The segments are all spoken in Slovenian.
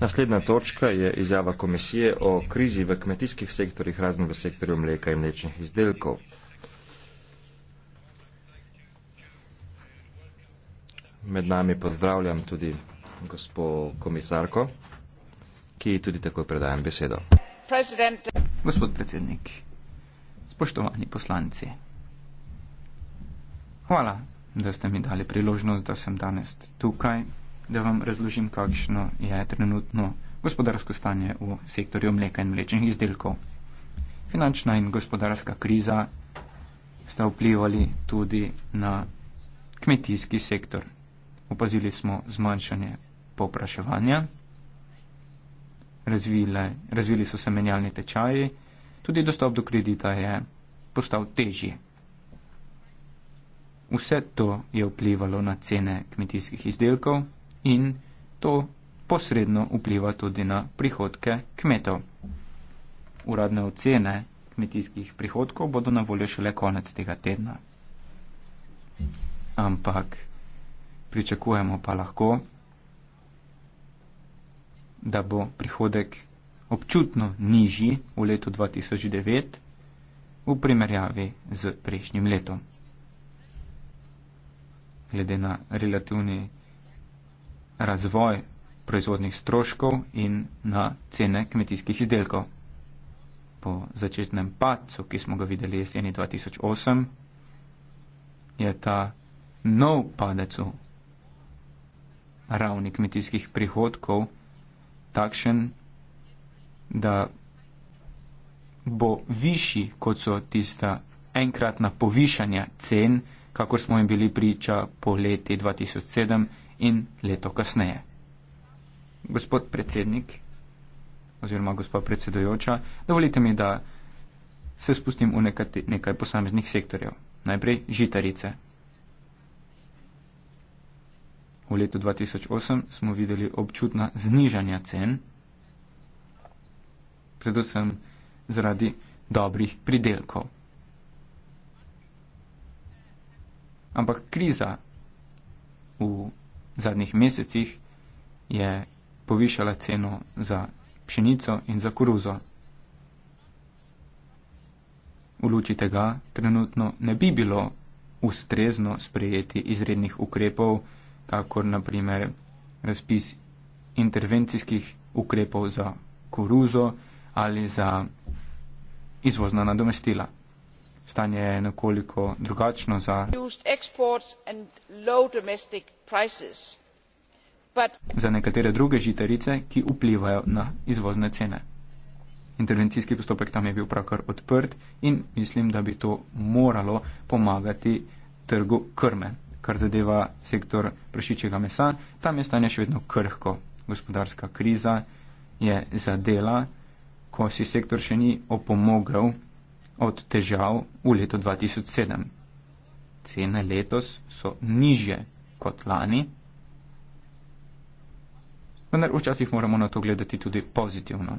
Naslednja točka je izjava komisije o krizi v kmetijskih sektorjih, razen v sektorju mleka in mlečnih izdelkov. Med nami pozdravljam tudi gospod komisarko, ki ji tudi takoj predajam besedo. President. Gospod predsednik, spoštovani poslanci, hvala, da ste mi dali priložnost, da sem danes tukaj da vam razložim, kakšno je trenutno gospodarsko stanje v sektorju mleka in mlečnih izdelkov. Finančna in gospodarska kriza sta vplivali tudi na kmetijski sektor. Opazili smo zmanjšanje popraševanja, razvile, razvili so se menjalni tečaji, tudi dostop do kredita je postal težji. Vse to je vplivalo na cene kmetijskih izdelkov in to posredno vpliva tudi na prihodke kmetov. Uradne ocene kmetijskih prihodkov bodo na voljo šele konec tega tedna. Ampak pričakujemo pa lahko, da bo prihodek občutno nižji v letu 2009 v primerjavi z prejšnjim letom. Glede na relativni razvoj proizvodnih stroškov in na cene kmetijskih izdelkov. Po začetnem pacu, ki smo ga videli jeseni 2008, je ta nov padec v ravni kmetijskih prihodkov takšen, da bo višji, kot so tista enkratna povišanja cen, kakor smo jim bili priča po leti 2007 in leto kasneje. Gospod predsednik oziroma gospod predsedujoča, dovolite mi, da se spustim v nekati, nekaj posameznih sektorjev. Najprej žitarice. V letu 2008 smo videli občutna znižanja cen, predvsem zaradi dobrih pridelkov. Ampak kriza v zadnjih mesecih je povišala ceno za pšenico in za koruzo. V luči tega trenutno ne bi bilo ustrezno sprejeti izrednih ukrepov, kakor naprimer razpis intervencijskih ukrepov za koruzo ali za izvozna nadomestila stanje je nekoliko drugačno za. za nekatere druge žitarice, ki vplivajo na izvozne cene. Intervencijski postopek tam je bil pravkar odprt in mislim, da bi to moralo pomagati trgu krme. Kar zadeva sektor prašičjega mesa, tam je stanje še vedno krhko. Gospodarska kriza je zadela, ko si sektor še ni opomogel od težav v letu 2007. Cene letos so nižje kot lani, vendar včasih moramo na to gledati tudi pozitivno.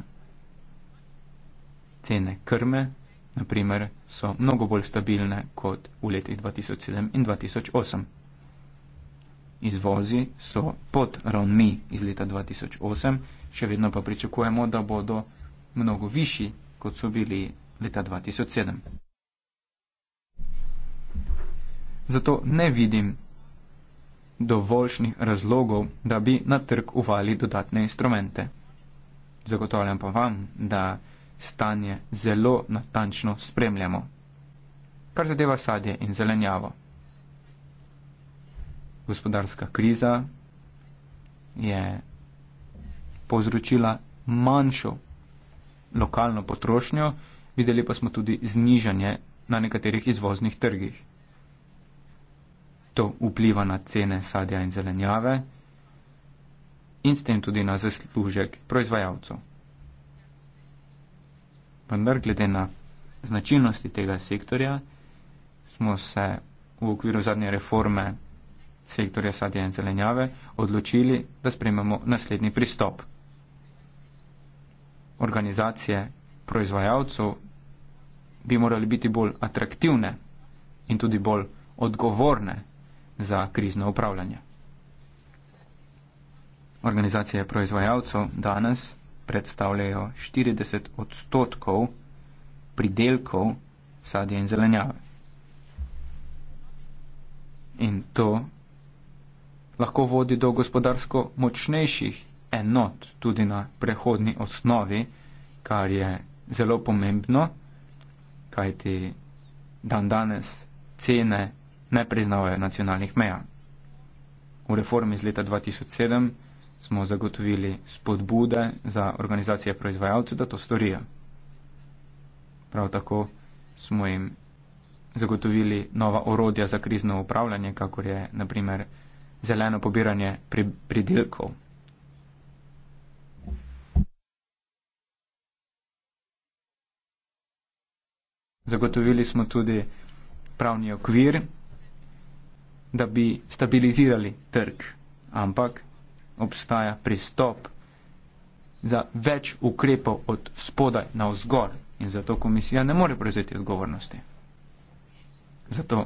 Cene krme, naprimer, so mnogo bolj stabilne kot v letih 2007 in 2008. Izvozi so pod ravni iz leta 2008, še vedno pa pričakujemo, da bodo mnogo višji, kot so bili leta 2007. Zato ne vidim dovoljšnih razlogov, da bi na trg uvali dodatne instrumente. Zagotovljam pa vam, da stanje zelo natančno spremljamo. Kar zadeva sadje in zelenjavo. Gospodarska kriza je povzročila manjšo lokalno potrošnjo, videli pa smo tudi znižanje na nekaterih izvoznih trgih. To vpliva na cene sadja in zelenjave in s tem tudi na zaslužek proizvajalcev. Vendar glede na značilnosti tega sektorja smo se v okviru zadnje reforme sektorja sadja in zelenjave odločili, da sprememo naslednji pristop. Organizacije proizvajalcev bi morali biti bolj atraktivne in tudi bolj odgovorne za krizno upravljanje. Organizacije proizvajalcev danes predstavljajo 40 odstotkov pridelkov sadja in zelenjave. In to lahko vodi do gospodarsko močnejših enot tudi na prehodni osnovi, kar je zelo pomembno kajti dan danes cene ne priznavajo nacionalnih meja. V reformi iz leta 2007 smo zagotovili spodbude za organizacije proizvajalcev, da to storijo. Prav tako smo jim zagotovili nova orodja za krizno upravljanje, kakor je naprimer zeleno pobiranje pridelkov. Pri Zagotovili smo tudi pravni okvir, da bi stabilizirali trg, ampak obstaja pristop za več ukrepov od spodaj na vzgor in zato komisija ne more prevzeti odgovornosti. Zato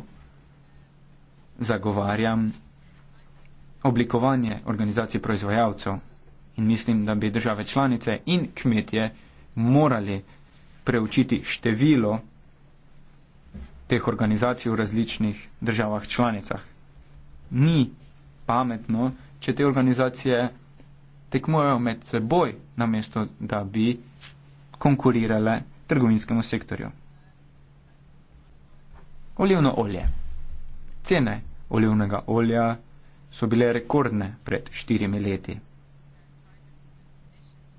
zagovarjam oblikovanje organizacij proizvajalcev in mislim, da bi države članice in kmetje morali preučiti število teh organizacij v različnih državah članicah. Ni pametno, če te organizacije tekmujejo med seboj, namesto da bi konkurirale trgovinskemu sektorju. Olivno olje. Cene olivnega olja so bile rekordne pred štirimi leti.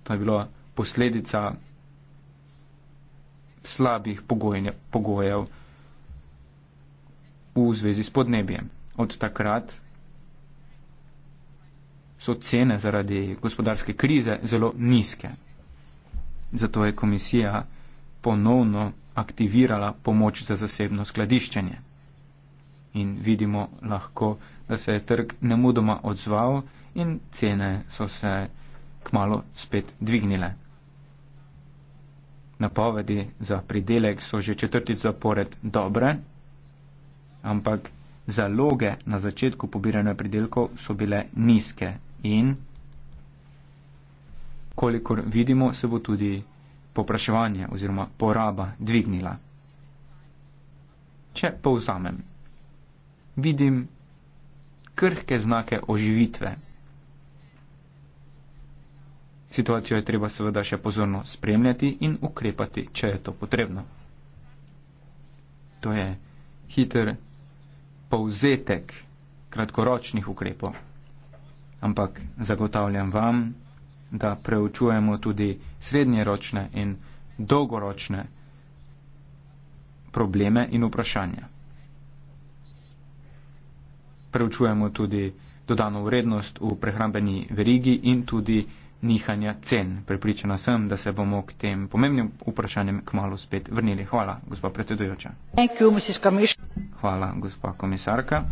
To je bilo posledica slabih pogojev, pogojev v zvezi s podnebjem. Od takrat so cene zaradi gospodarske krize zelo nizke. Zato je komisija ponovno aktivirala pomoč za zasebno skladiščenje. In vidimo lahko, da se je trg nemudoma odzval in cene so se kmalo spet dvignile. Napovedi za pridelek so že četrtič zapored dobre, ampak zaloge na začetku pobiranja pridelkov so bile nizke in kolikor vidimo, se bo tudi popraševanje oziroma poraba dvignila. Če povzamem, vidim krhke znake oživitve. Situacijo je treba seveda še pozorno spremljati in ukrepati, če je to potrebno. To je hiter povzetek kratkoročnih ukrepov, ampak zagotavljam vam, da preučujemo tudi srednjeročne in dolgoročne probleme in vprašanja. Preučujemo tudi dodano vrednost v prehrambeni verigi in tudi nihanja cen. Pripričana sem, da se bomo k tem pomembnim vprašanjem kmalo spet vrnili. Hvala, gospa predsedujoča. Hvala, gospa komisarka.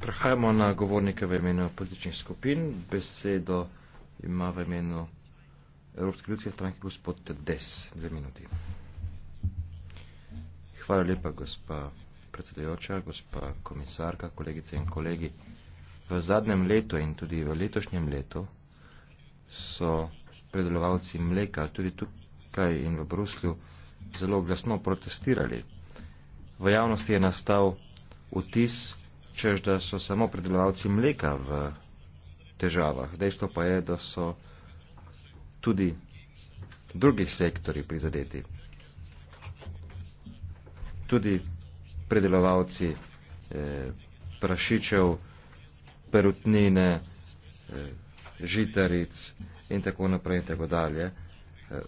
Prehajamo na govornike v imenu političnih skupin. Besedo ima v imenu Evropske ljudske stranke gospod Des. Dve minuti. Hvala lepa, gospa predsedujoča, gospa komisarka, kolegice in kolegi v zadnjem letu in tudi v letošnjem letu so predelovalci mleka tudi tukaj in v Bruslju zelo glasno protestirali. V javnosti je nastal vtis, čež da so samo predelovalci mleka v težavah. Dejstvo pa je, da so tudi drugi sektori prizadeti. Tudi predelovalci eh, prašičev, perutnine, eh, žitaric in tako naprej in tako dalje eh,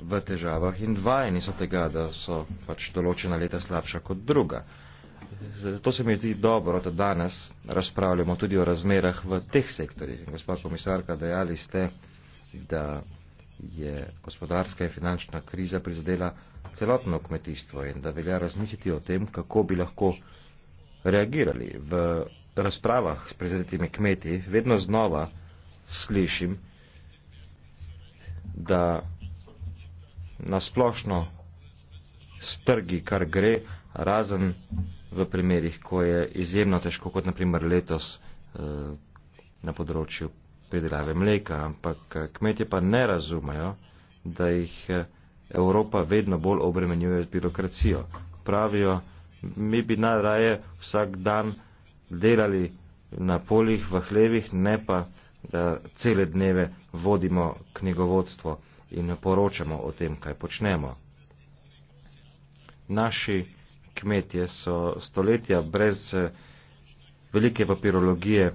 v težavah in vajeni so tega, da so pač določena leta slabša kot druga. Zato se mi zdi dobro, da danes razpravljamo tudi o razmerah v teh sektorjih. Gospod komisarka, dejali ste, da je gospodarska in finančna kriza prizadela celotno kmetijstvo in da velja razmisliti o tem, kako bi lahko reagirali. V razpravah s prizadetimi kmeti vedno znova slišim, da nasplošno strgi, kar gre, razen v primerih, ko je izjemno težko, kot naprimer letos eh, na področju predelave mleka, ampak eh, kmetje pa ne razumejo, da jih eh, Evropa vedno bolj obremenjuje z birokracijo. Pravijo, mi bi najraje vsak dan delali na poljih, v hlevih, ne pa da cele dneve vodimo knjigovodstvo in poročamo o tem, kaj počnemo. Naši kmetje so stoletja brez eh, velike papirologije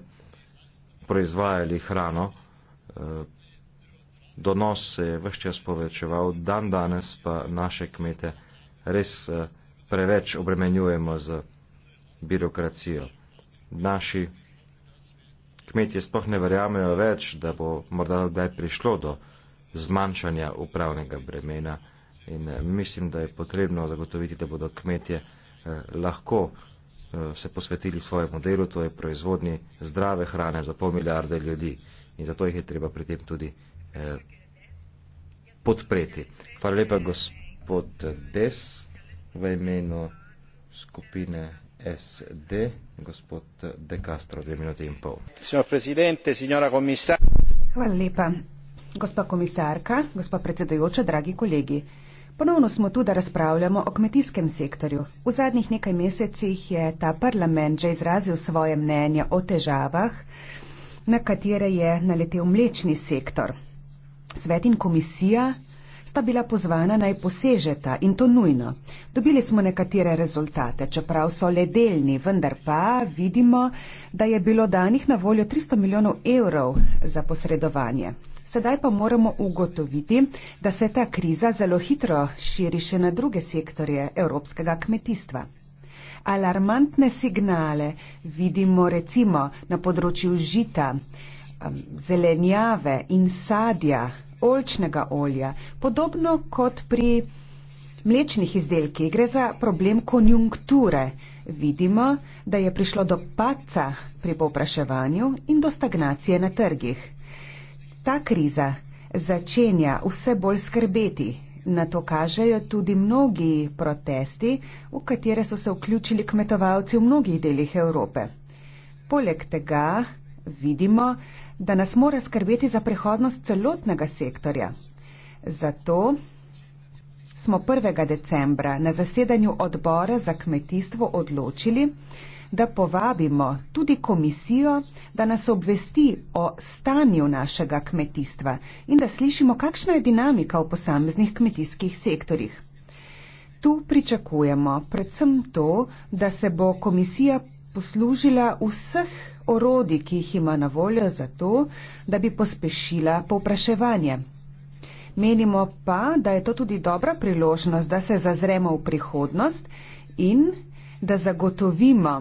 proizvajali hrano, eh, donos se je vse čas povečeval, dan danes pa naše kmete res eh, preveč obremenjujemo z birokracijo naši kmetje sploh ne verjamejo več, da bo morda kdaj prišlo do zmanjšanja upravnega bremena. In eh, mislim, da je potrebno zagotoviti, da bodo kmetje eh, lahko eh, se posvetili svojemu delu, to je proizvodnji zdrave hrane za pol milijarde ljudi. In zato jih je treba pri tem tudi podpreti. Hvala lepa, gospod Des, v imenu skupine. SD, gospod De Castro, dve minuti in pol. Signor Presidente, signora komisar. Hvala lepa. Gospa komisarka, gospa predsedojoča, dragi kolegi. Ponovno smo tu, da razpravljamo o kmetijskem sektorju. V zadnjih nekaj mesecih je ta parlament že izrazil svoje mnenje o težavah, na katere je naletel mlečni sektor. Svet in komisija sta bila pozvana naj posežeta in to nujno. Dobili smo nekatere rezultate, čeprav so le delni, vendar pa vidimo, da je bilo danih na voljo 300 milijonov evrov za posredovanje. Sedaj pa moramo ugotoviti, da se ta kriza zelo hitro širi še na druge sektorje evropskega kmetijstva. Alarmantne signale vidimo recimo na področju žita, um, zelenjave in sadja oljčnega olja, podobno kot pri mlečnih izdelkih. Gre za problem konjunkture. Vidimo, da je prišlo do paca pri popraševanju in do stagnacije na trgih. Ta kriza začenja vse bolj skrbeti. Na to kažejo tudi mnogi protesti, v katere so se vključili kmetovalci v mnogih delih Evrope. Poleg tega vidimo, da nas mora skrbeti za prihodnost celotnega sektorja. Zato smo 1. decembra na zasedanju odbora za kmetijstvo odločili, da povabimo tudi komisijo, da nas obvesti o stanju našega kmetijstva in da slišimo, kakšna je dinamika v posameznih kmetijskih sektorjih. Tu pričakujemo predvsem to, da se bo komisija poslužila vseh orodij, ki jih ima na voljo za to, da bi pospešila povpraševanje. Menimo pa, da je to tudi dobra priložnost, da se zazremo v prihodnost in da zagotovimo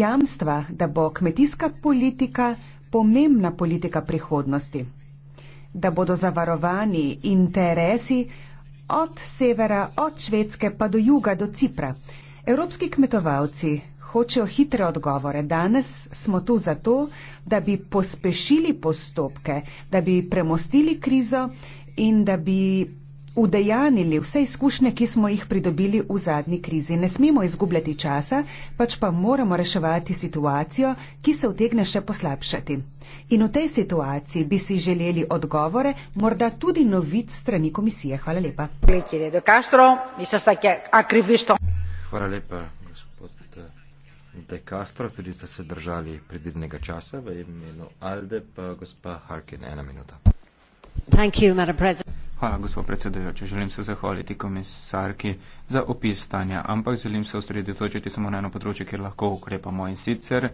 jamstva, da bo kmetijska politika pomembna politika prihodnosti, da bodo zavarovani interesi od severa, od Švedske pa do juga, do Cipra. Evropski kmetovalci hočejo hitre odgovore. Danes smo tu zato, da bi pospešili postopke, da bi premostili krizo in da bi udejanili vse izkušnje, ki smo jih pridobili v zadnji krizi. Ne smemo izgubljati časa, pač pa moramo reševati situacijo, ki se utegne še poslabšati. In v tej situaciji bi si želeli odgovore, morda tudi novic strani komisije. Hvala lepa. Hvala lepa, De Castro, tudi ste se držali predvidnega časa v imenu Alde, pa gospa Harkin, ena minuta. You, Hvala, gospod predsedujoči. Želim se zahvaliti komisarki za opis stanja, ampak želim se osredotočiti samo na eno področje, kjer lahko ukrepamo in sicer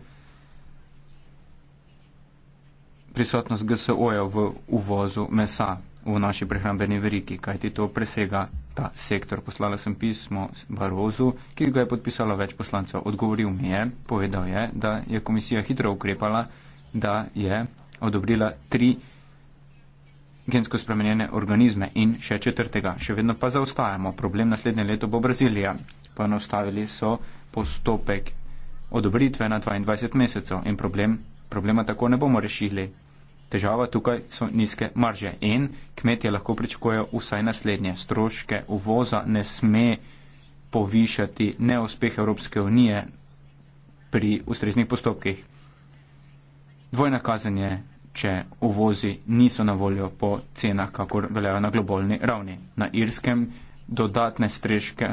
prisotnost GSO-ja v uvozu mesa v naši prehrambeni veriki, kajti to presega ta sektor. Poslala sem pismo Barozu, ki ga je podpisalo več poslancev. Odgovoril mi je, povedal je, da je komisija hitro ukrepala, da je odobrila tri gensko spremenjene organizme in še četrtega. Še vedno pa zaostajamo. Problem naslednje leto bo Brazilija. Poenostavili so postopek odobritve na 22 mesecev in problem, problema tako ne bomo rešili. Težava tukaj so nizke marže in kmetje lahko pričakujejo vsaj naslednje. Stroške uvoza ne sme povišati neuspeh Evropske unije pri ustreznih postopkih. Dvojna kazen je, če uvozi niso na voljo po cenah, kakor veljajo na globalni ravni. Na Irskem dodatne streške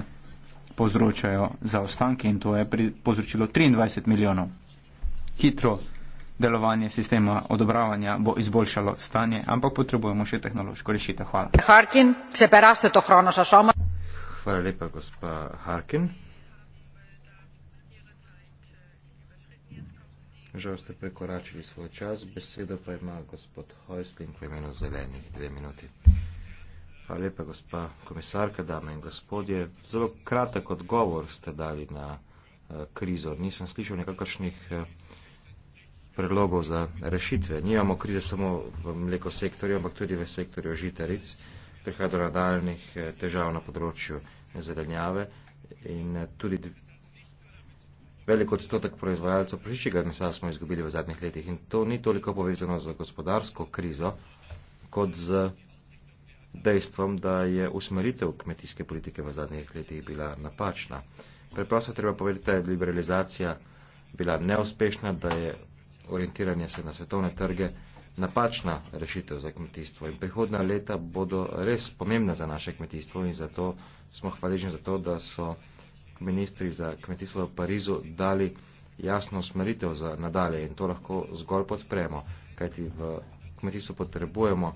povzročajo zaostanke in to je povzročilo 23 milijonov. Hitro delovanje sistema odobravanja bo izboljšalo stanje, ampak potrebujemo še tehnološko rešitev. Hvala. Harkin, Hvala lepa, gospa Harkin. Žal ste prekoračili svoj čas, besedo pa ima gospod Hojsling v imenu zelenih dve minuti. Hvala lepa, gospa komisarka, dame in gospodje. Zelo kratek odgovor ste dali na eh, krizo. Nisem slišal nekakršnih eh, predlogov za rešitve. Nimamo krize samo v mleko sektorju, ampak tudi v sektorju žitaric. Prihaja do nadaljnih eh, težav na področju zelenjave in eh, tudi veliko odstotek proizvajalcev prišičega mesa smo izgubili v zadnjih letih. In to ni toliko povezano z gospodarsko krizo, kot z dejstvom, da je usmeritev kmetijske politike v zadnjih letih bila napačna. Preprosto treba povedati, da je liberalizacija bila neuspešna, da je orientiranje se na svetovne trge napačna rešitev za kmetijstvo in prihodna leta bodo res pomembna za naše kmetijstvo in zato smo hvaležni za to, da so ministri za kmetijstvo v Parizu dali jasno smeritev za nadalje in to lahko zgolj podpremo, kajti v kmetijstvu potrebujemo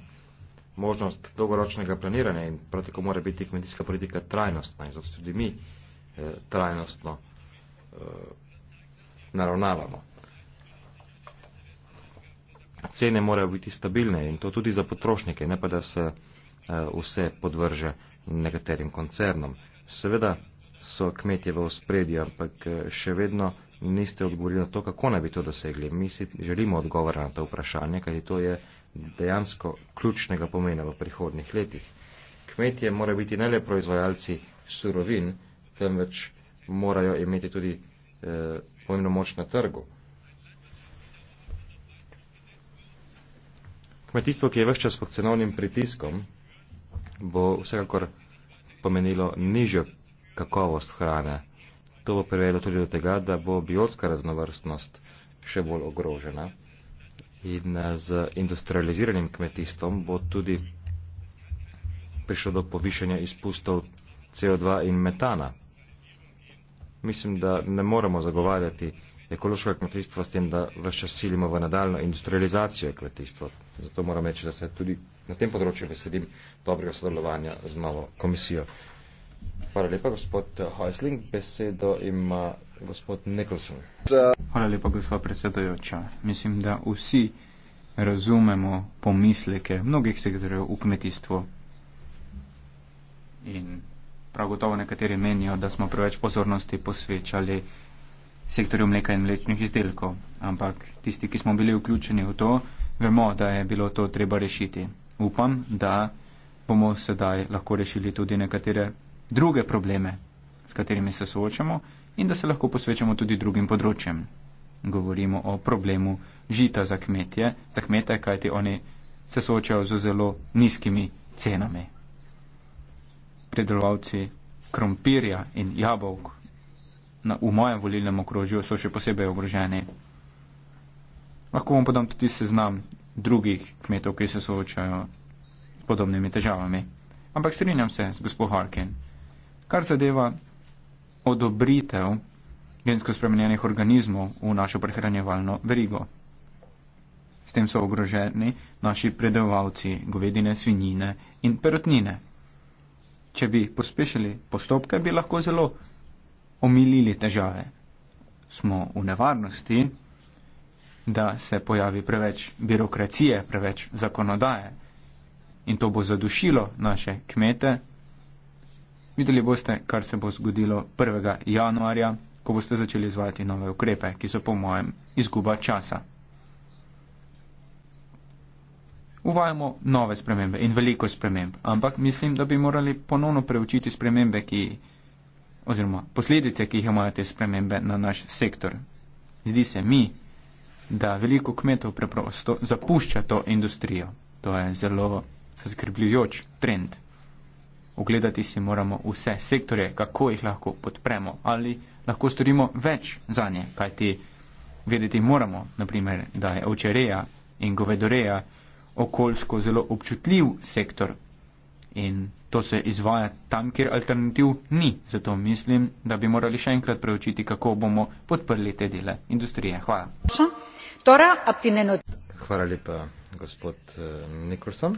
možnost dolgoročnega planiranja in prav tako mora biti kmetijska politika trajnostna in zato tudi mi eh, trajnostno eh, naravnavamo cene morajo biti stabilne in to tudi za potrošnike, ne pa da se eh, vse podvrže nekaterim koncernom. Seveda so kmetje v ospredju, ampak eh, še vedno niste odgovorili na to, kako naj bi to dosegli. Mi si želimo odgovore na to vprašanje, kajti to je dejansko ključnega pomena v prihodnih letih. Kmetje morajo biti ne le proizvajalci surovin, temveč morajo imeti tudi eh, pomembno moč na trgu. Eh, Kmetijstvo, ki je vse čas pod cenovnim pritiskom, bo vsekakor pomenilo nižjo kakovost hrane. To bo privedlo tudi do tega, da bo biotska raznovrstnost še bolj ogrožena in eh, z industrializiranim kmetijstvom bo tudi prišlo do povišanja izpustov CO2 in metana. Mislim, da ne moremo zagovarjati ekološkega kmetijstva s tem, da vse čas silimo v nadaljno industrializacijo kmetijstva. Zato moram reči, da se tudi na tem področju veselim dobrega sodelovanja z novo komisijo. Hvala lepa, gospod Heusling. Besedo ima gospod Nicholson. Hvala lepa, gospod predsedojoča. Mislim, da vsi razumemo pomisleke mnogih sektorjev v kmetijstvu. In prav gotovo nekateri menijo, da smo preveč pozornosti posvečali sektorju mleka in mlečnih izdelkov. Ampak tisti, ki smo bili vključeni v to, vemo, da je bilo to treba rešiti. Upam, da bomo sedaj lahko rešili tudi nekatere druge probleme, s katerimi se soočamo in da se lahko posvečamo tudi drugim področjem. Govorimo o problemu žita za kmetje, za kmete, kajti oni se soočajo z zelo nizkimi cenami. Predelovalci krompirja in jabolk na, v mojem volilnem okrožju so še posebej ogroženi. Lahko vam podam tudi seznam drugih kmetov, ki se soočajo s podobnimi težavami. Ampak strinjam se z gospod Harkin. Kar zadeva odobritev gensko spremenjenih organizmov v našo prehranjevalno verigo. S tem so ogroženi naši predelovalci govedine, svinjine in perotnine. Če bi pospešili postopke, bi lahko zelo omilili težave. Smo v nevarnosti, da se pojavi preveč birokracije, preveč zakonodaje in to bo zadušilo naše kmete. Videli boste, kar se bo zgodilo 1. januarja, ko boste začeli izvajati nove ukrepe, ki so po mojem izguba časa. Uvajamo nove spremembe in veliko sprememb, ampak mislim, da bi morali ponovno preučiti spremembe, ki jih oziroma posledice, ki jih imajo te spremembe na naš sektor. Zdi se mi, da veliko kmetov preprosto zapušča to industrijo. To je zelo zaskrbljujoč trend. Ogledati si moramo vse sektore, kako jih lahko podpremo ali lahko storimo več za nje, kajti vedeti moramo, naprimer, da je očereja in govedoreja okoljsko zelo občutljiv sektor, In to se izvaja tam, kjer alternativ ni. Zato mislim, da bi morali še enkrat preučiti, kako bomo podprli te dele industrije. Hvala. Hvala lepa, gospod eh, Nikolson.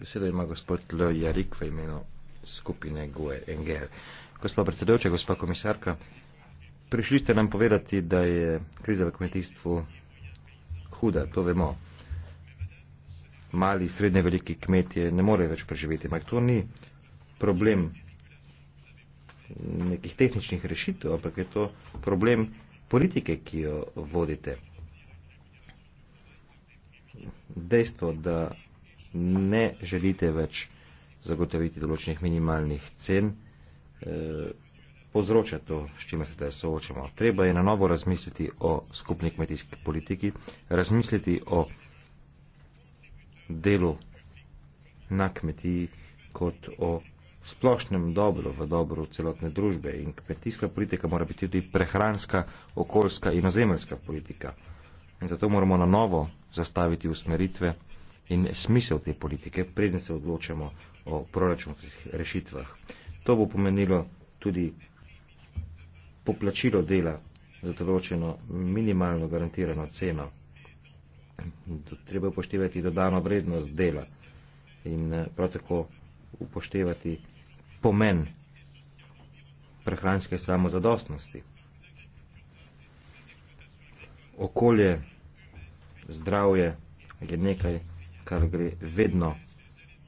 Beseda ima gospod L. Jarik v imenu skupine GUE NGL. Gospod predsedujoča, gospod komisarka, prišli ste nam povedati, da je kriza v kmetijstvu huda, to vemo mali, srednje veliki kmetje ne morejo več preživeti. Ampak to ni problem nekih tehničnih rešitev, ampak je to problem politike, ki jo vodite. Dejstvo, da ne želite več zagotoviti določenih minimalnih cen, eh, povzroča to, s čimer se zdaj soočamo. Treba je na novo razmisliti o skupni kmetijski politiki, razmisliti o delu na kmetiji kot o splošnem dobro v dobro celotne družbe in kmetijska politika mora biti tudi prehranska, okoljska in ozemeljska politika. In zato moramo na novo zastaviti usmeritve in smisel te politike, preden se odločamo o proračunskih rešitvah. To bo pomenilo tudi poplačilo dela za določeno minimalno garantirano ceno treba upoštevati dodano vrednost dela in eh, prav tako upoštevati pomen prehranske samozadostnosti. Okolje, zdravje je nekaj, kar gre vedno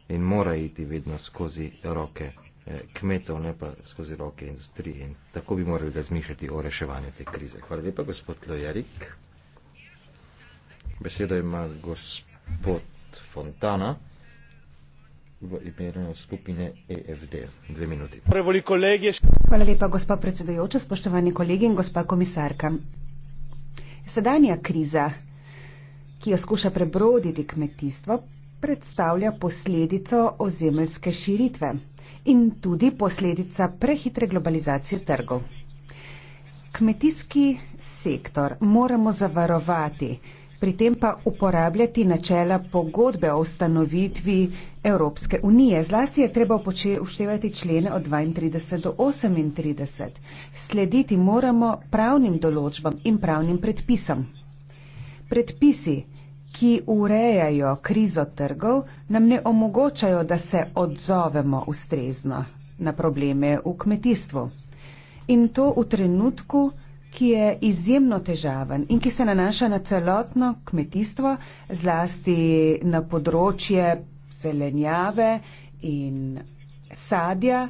in mora iti vedno skozi roke eh, kmetov, ne pa skozi roke industrije. In tako bi morali razmišljati o reševanju te krize. Hvala lepa, gospod Lojarik. Besedo ima gospod Fontana v imenu skupine EFD. Dve minuti. Hvala lepa, gospod predsedojoča, spoštovani kolegi in gospa komisarka. Sedanja kriza, ki jo skuša prebroditi kmetijstvo, predstavlja posledico ozemeljske širitve in tudi posledica prehitre globalizacije trgov. Kmetijski sektor moramo zavarovati, pri tem pa uporabljati načela pogodbe o ustanovitvi Evropske unije. Zlasti je treba uštevati člene od 32 do 38. Slediti moramo pravnim določbam in pravnim predpisom. Predpisi, ki urejajo krizo trgov, nam ne omogočajo, da se odzovemo ustrezno na probleme v kmetijstvu. In to v trenutku, ki je izjemno težaven in ki se nanaša na celotno kmetijstvo, zlasti na področje zelenjave in sadja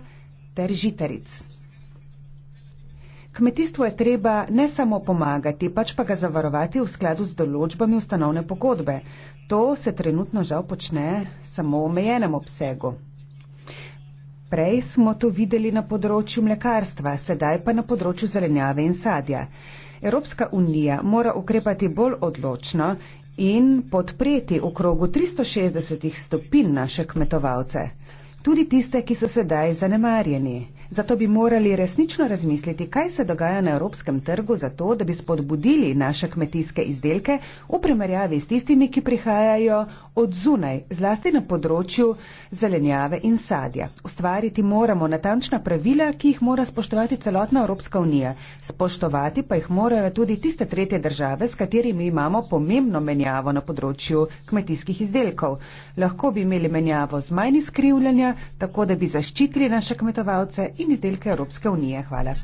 ter žitaric. Kmetijstvo je treba ne samo pomagati, pač pa ga zavarovati v skladu z določbami ustanovne pogodbe. To se trenutno žal počne samo v omejenem obsegu. Prej smo to videli na področju mlekarstva, sedaj pa na področju zelenjave in sadja. Evropska unija mora ukrepati bolj odločno in podpreti v krogu 360 stopinj naše kmetovalce, tudi tiste, ki so sedaj zanemarjeni. Zato bi morali resnično razmisliti, kaj se dogaja na evropskem trgu, zato da bi spodbudili naše kmetijske izdelke v primerjavi s tistimi, ki prihajajo od zunaj, zlasti na področju zelenjave in sadja. Ustvariti moramo natančna pravila, ki jih mora spoštovati celotna Evropska unija. Spoštovati pa jih morajo tudi tiste tretje države, s katerimi imamo pomembno menjavo na področju kmetijskih izdelkov. Lahko bi imeli menjavo z manj izkrivljanja, tako da bi zaščitili naše kmetovalce in izdelke Evropske unije. Hvala.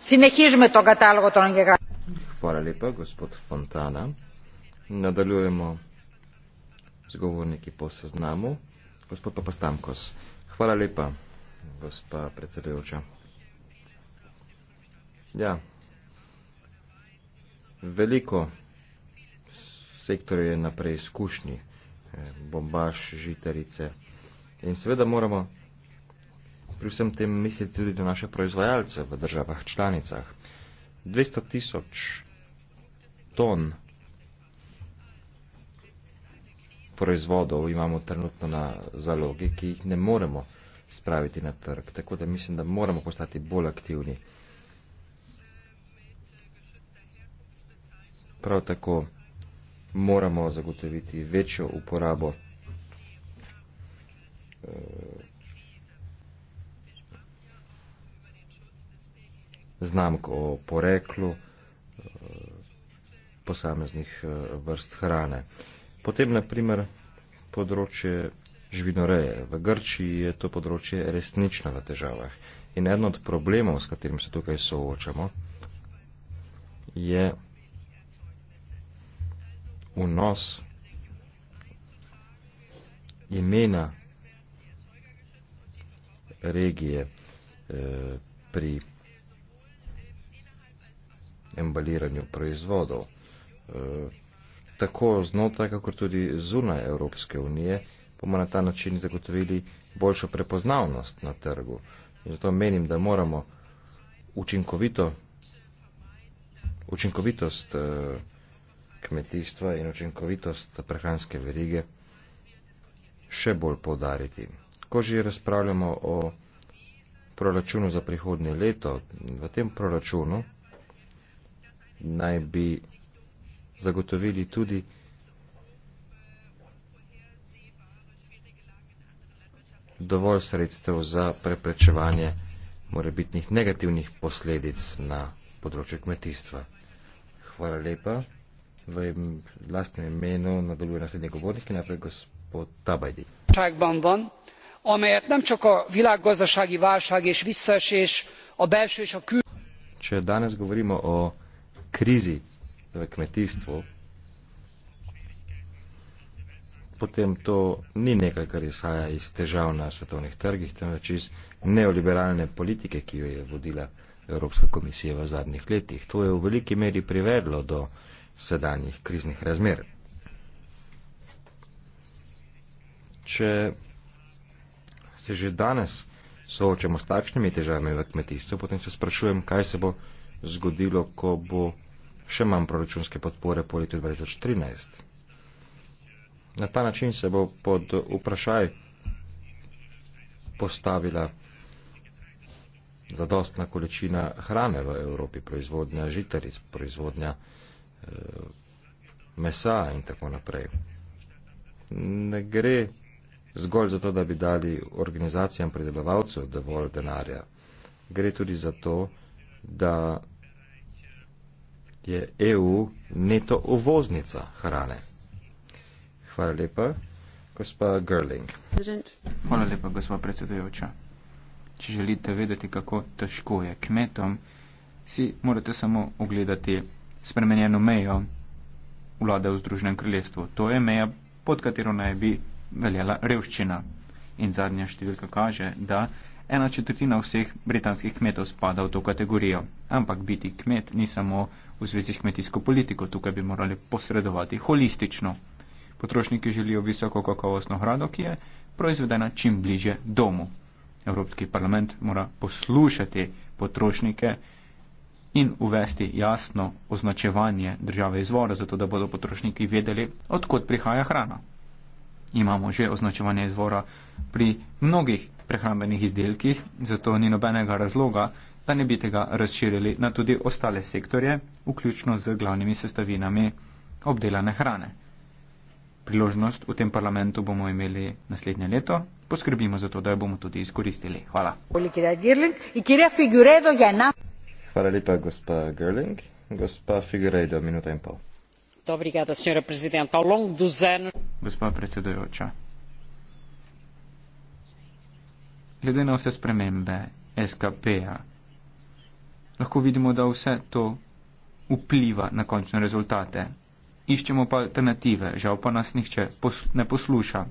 Si ne hižme to katalogo tolnjega. Hvala lepa, gospod Fontana. Nadaljujemo z govorniki po seznamu. Gospod Papastamkos, hvala lepa, gospa predsedujoča. Ja, veliko sektorjev je na preizkušnji, eh, bombaž, žiterice. In seveda moramo pri vsem tem misliti tudi na naše proizvajalce v državah članicah. 200 tisoč ton proizvodov imamo trenutno na zalogi, ki jih ne moremo spraviti na trg. Tako da mislim, da moramo postati bolj aktivni. Prav tako moramo zagotoviti večjo uporabo eh, znamko o poreklu eh, posameznih eh, vrst hrane. Potem, na primer, področje živinoreje. V Grčiji je to področje resnično v težavah. In eden od problemov, s katerim se tukaj soočamo, je vnos imena regije eh, pri embaliranju proizvodov, eh, tako znotraj, kako tudi zunaj Evropske unije, bomo na ta način zagotovili boljšo prepoznavnost na trgu. In zato menim, da moramo učinkovito, učinkovitost eh, kmetijstva in učinkovitost prehranske verige še bolj podariti. Ko že razpravljamo o proračunu za prihodnje leto, v tem proračunu naj bi zagotovili tudi dovolj sredstev za preprečevanje morebitnih negativnih posledic na področju kmetijstva. Hvala lepa. V lastnem imenu nadaljuje naslednji govornik, najprej gospod Tabajdi. Bonbon, amelyet nem csak a világgazdasági válság és visszaesés, a belső és a kül... Če danes govorimo o krizi v kmetijstvu, potem to ni nekaj, kar izhaja iz težav na svetovnih trgih, temveč iz neoliberalne politike, ki jo je vodila Evropska komisija v zadnjih letih. To je v veliki meri privedlo do sedanjih kriznih razmer. Če se že danes soočamo s takšnimi težavami v kmetijstvu, potem se sprašujem, kaj se bo zgodilo, ko bo še manj proračunske podpore po letu 2013. Na ta način se bo pod vprašaj postavila zadostna količina hrane v Evropi, proizvodnja žitaric, proizvodnja e, mesa in tako naprej. Ne gre zgolj za to, da bi dali organizacijam predelovalcev dovolj denarja. Gre tudi za to, da je EU neto uvoznica hrane. Hvala lepa, gospa Gerling. Hvala lepa, gospa predsedujoča. Če želite vedeti, kako težko je kmetom, si morate samo ogledati spremenjeno mejo vlade v Združenem kraljestvu. To je meja, pod katero naj bi veljala revščina. In zadnja številka kaže, da ena četrtina vseh britanskih kmetov spada v to kategorijo. Ampak biti kmet ni samo v zvezi s kmetijsko politiko, tukaj bi morali posredovati holistično. Potrošniki želijo visoko kakovostno hrano, ki je proizvedena čim bliže domu. Evropski parlament mora poslušati potrošnike in uvesti jasno označevanje države izvora, zato da bodo potrošniki vedeli, odkot prihaja hrana. Imamo že označevanje izvora pri mnogih prehrambenih izdelkih, zato ni nobenega razloga, da ne bi tega razširili na tudi ostale sektorje, vključno z glavnimi sestavinami obdelane hrane. Priložnost v tem parlamentu bomo imeli naslednje leto, poskrbimo za to, da jo bomo tudi izkoristili. Hvala. Hvala lepa, gospa Gerling. Gospa Figueredo, minuta in pol. Gospa predsedujoča. glede na vse spremembe SKP-ja, lahko vidimo, da vse to vpliva na končne rezultate. Iščemo pa alternative, žal pa nas nihče pos ne posluša.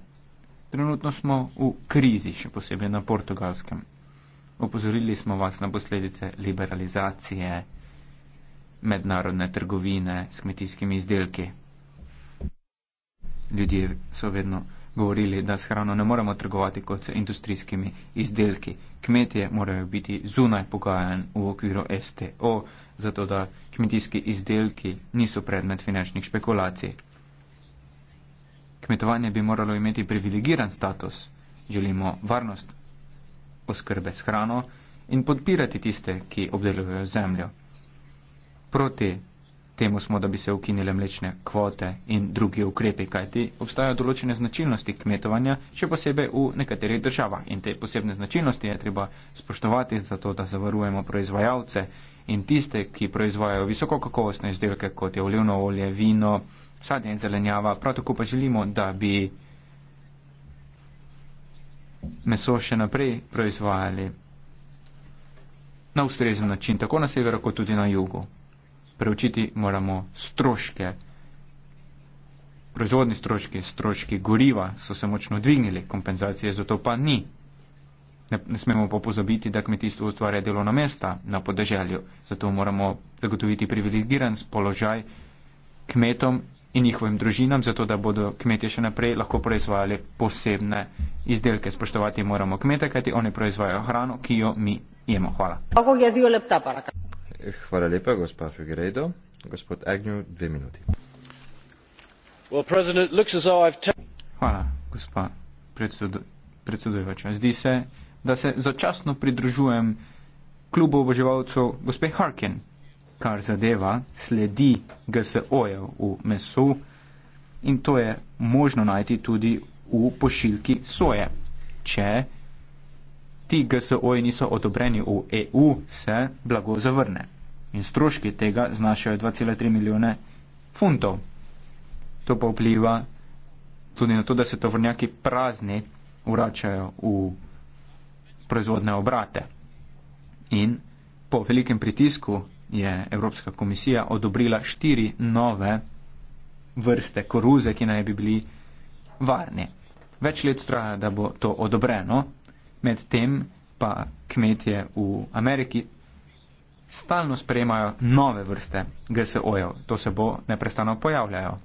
Trenutno smo v krizi, še posebej na portugalskem. Opozorili smo vas na posledice liberalizacije mednarodne trgovine s kmetijskimi izdelki. Ljudje so vedno govorili, da s hrano ne moremo trgovati kot s industrijskimi izdelki. Kmetje morajo biti zunaj pogajan v okviru STO, zato da kmetijski izdelki niso predmet finančnih špekulacij. Kmetovanje bi moralo imeti privilegiran status, želimo varnost oskrbe s hrano in podpirati tiste, ki obdelujejo zemljo. Proti temu smo, da bi se ukinile mlečne kvote in drugi ukrepi, kajti obstajajo določene značilnosti kmetovanja, še posebej v nekaterih državah. In te posebne značilnosti je treba spoštovati, zato da zavarujemo proizvajalce in tiste, ki proizvajajo visoko kakovostne izdelke, kot je olivno olje, vino, sadje in zelenjava. Prav tako pa želimo, da bi meso še naprej proizvajali na ustrezen način, tako na severu, kot tudi na jugu preučiti moramo stroške, proizvodni stroški, stroški goriva so se močno dvignili, kompenzacije za to pa ni. Ne, ne smemo pa pozabiti, da kmetijstvo ustvarja delovna mesta na podeželju, zato moramo zagotoviti privilegiran položaj kmetom in njihovim družinam, zato da bodo kmetje še naprej lahko proizvajali posebne izdelke. Spoštovati moramo kmete, kajti oni proizvajajo hrano, ki jo mi jemo. Hvala. Hvala lepa, gospa Figueiredo. Gospod Agnew, dve minuti. Well, Hvala, gospa predsedo predsedojoča. Zdi se, da se začasno pridružujem klubu oboževalcev gospe Harkin, kar zadeva sledi GSO-ja v mesu in to je možno najti tudi v pošiljki soje, če ti GSO-ji niso odobreni v EU, se blago zavrne. In stroški tega znašajo 2,3 milijone funtov. To pa vpliva tudi na to, da se tovrnjaki prazni vračajo v proizvodne obrate. In po velikem pritisku je Evropska komisija odobrila štiri nove vrste koruze, ki naj bi bili varni. Več let traja, da bo to odobreno, medtem pa kmetje v Ameriki stalno sprejemajo nove vrste GSO-jev. To se bo neprestano pojavljajo.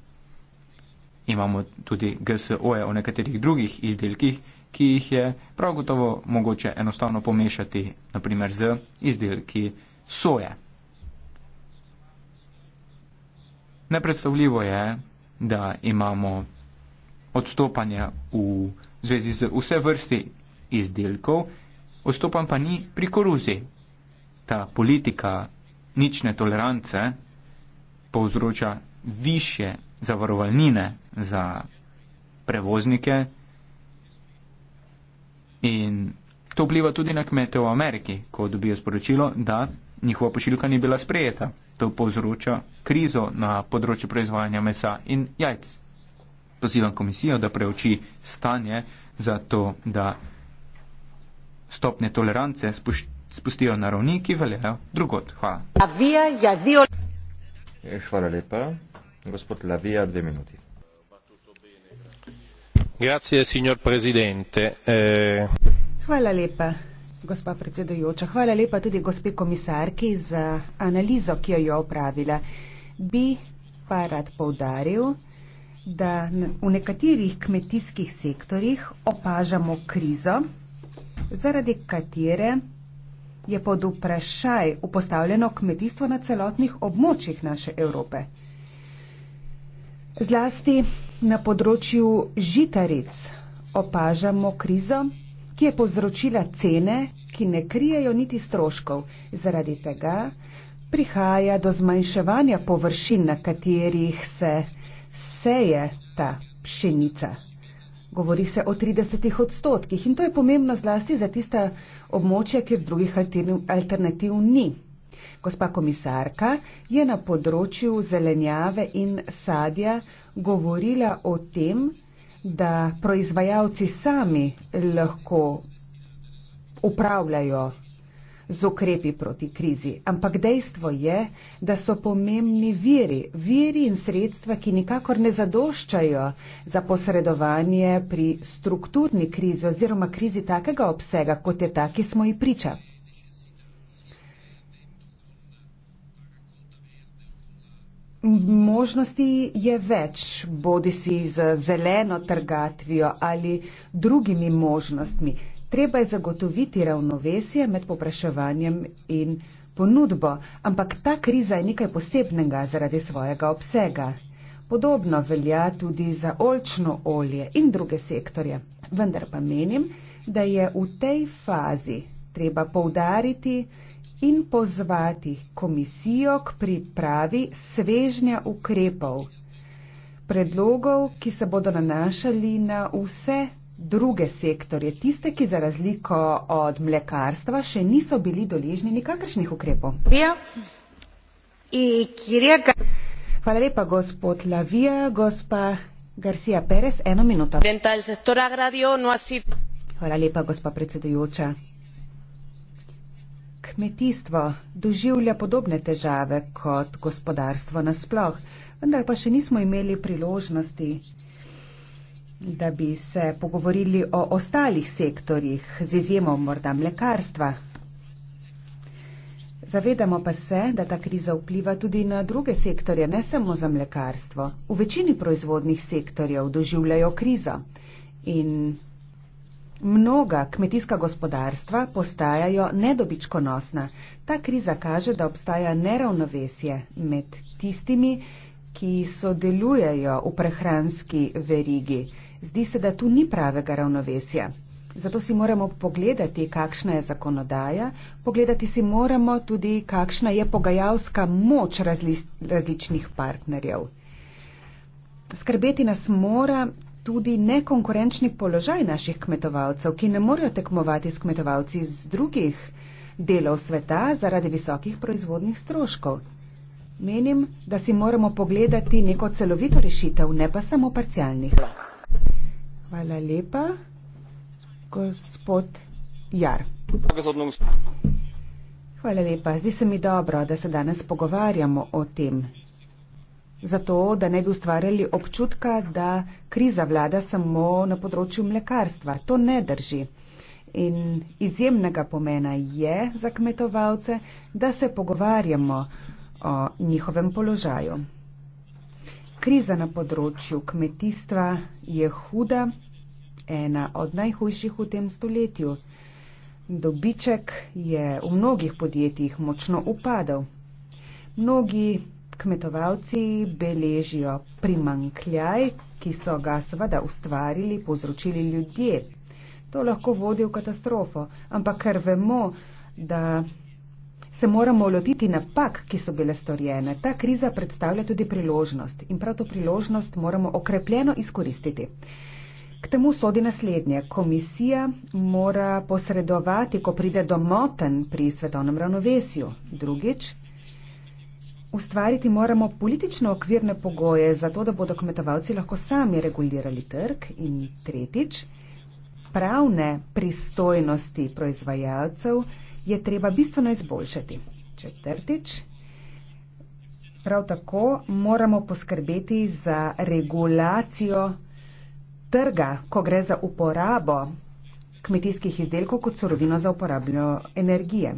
Imamo tudi GSO-je o nekaterih drugih izdelkih, ki jih je prav gotovo mogoče enostavno pomešati, naprimer z izdelki soje. Nepredstavljivo je, da imamo odstopanje v zvezi z vse vrsti izdelkov, odstopan pa ni pri koruzi. Ta politika nične tolerance povzroča više zavarovalnine za prevoznike in to vpliva tudi na kmete v Ameriki, ko dobijo sporočilo, da njihova pošiljka ni bila sprejeta. To povzroča krizo na področju proizvajanja mesa in jajc. Pozivam komisijo, da preuči stanje za to, da stopnje tolerance spustijo na ravni, ki veljajo drugot. Hvala. Eh, hvala lepa. Gospod Lavija, dve minuti. Grazie, signor presidente. Eh, hvala lepa, gospa predsedujoča. Hvala lepa tudi gospe komisarki za analizo, ki jo je opravila. Bi pa rad povdaril, da v nekaterih kmetijskih sektorjih opažamo krizo, zaradi katere je pod vprašaj upostavljeno kmetijstvo na celotnih območjih naše Evrope. Zlasti na področju žitaric opažamo krizo, ki je povzročila cene, ki ne krijejo niti stroškov. Zaradi tega prihaja do zmanjševanja površin, na katerih se seje ta pšenica. Govori se o 30 odstotkih in to je pomembno zlasti za tista območja, kjer drugih alternativ ni. Gospa komisarka je na področju zelenjave in sadja govorila o tem, da proizvajalci sami lahko upravljajo z ukrepi proti krizi, ampak dejstvo je, da so pomembni viri, viri in sredstva, ki nikakor ne zadoščajo za posredovanje pri strukturni krizi oziroma krizi takega obsega, kot je ta, ki smo ji priča. Možnosti je več, bodi si z zeleno trgatvijo ali drugimi možnostmi treba je zagotoviti ravnovesje med popraševanjem in ponudbo, ampak ta kriza je nekaj posebnega zaradi svojega obsega. Podobno velja tudi za olčno olje in druge sektorje, vendar pa menim, da je v tej fazi treba poudariti in pozvati komisijo k pripravi svežnja ukrepov, predlogov, ki se bodo nanašali na vse druge sektorje, tiste, ki za razliko od mlekarstva še niso bili doležni nikakršnih ukrepov. Ja. Hvala lepa, gospod Lavija. Gospa Garcia Perez, eno minuto. No Hvala lepa, gospa predsedujoča. Kmetijstvo doživlja podobne težave kot gospodarstvo nasploh, vendar pa še nismo imeli priložnosti da bi se pogovorili o ostalih sektorjih, z izjemom morda mlekarstva. Zavedamo pa se, da ta kriza vpliva tudi na druge sektorje, ne samo za mlekarstvo. V večini proizvodnih sektorjev doživljajo krizo in mnoga kmetijska gospodarstva postajajo nedobičkonosna. Ta kriza kaže, da obstaja neravnovesje med tistimi, ki sodelujejo v prehranski verigi zdi se, da tu ni pravega ravnovesja. Zato si moramo pogledati, kakšna je zakonodaja, pogledati si moramo tudi, kakšna je pogajalska moč razli različnih partnerjev. Skrbeti nas mora tudi nekonkurenčni položaj naših kmetovalcev, ki ne morejo tekmovati s kmetovalci iz drugih delov sveta zaradi visokih proizvodnih stroškov. Menim, da si moramo pogledati neko celovito rešitev, ne pa samo parcialnih. Hvala lepa. Gospod Jar. Hvala lepa. Zdi se mi dobro, da se danes pogovarjamo o tem. Zato, da ne bi ustvarjali občutka, da kriza vlada samo na področju mlekarstva. To ne drži. In izjemnega pomena je za kmetovalce, da se pogovarjamo o njihovem položaju. Kriza na področju kmetijstva je huda, ena od najhujših v tem stoletju. Dobiček je v mnogih podjetjih močno upadal. Mnogi kmetovalci beležijo primankljaj, ki so ga seveda ustvarili, povzročili ljudje. To lahko vodi v katastrofo, ampak ker vemo, da se moramo lotiti napak, ki so bile storjene. Ta kriza predstavlja tudi priložnost in prav to priložnost moramo okrepljeno izkoristiti. K temu sodi naslednje. Komisija mora posredovati, ko pride do moten pri svetovnem ravnovesju. Drugič, ustvariti moramo politično okvirne pogoje za to, da bodo kmetovalci lahko sami regulirali trg. In tretjič, pravne pristojnosti proizvajalcev je treba bistveno izboljšati. Četrtič, prav tako moramo poskrbeti za regulacijo trga, ko gre za uporabo kmetijskih izdelkov kot surovino za uporabljo energije.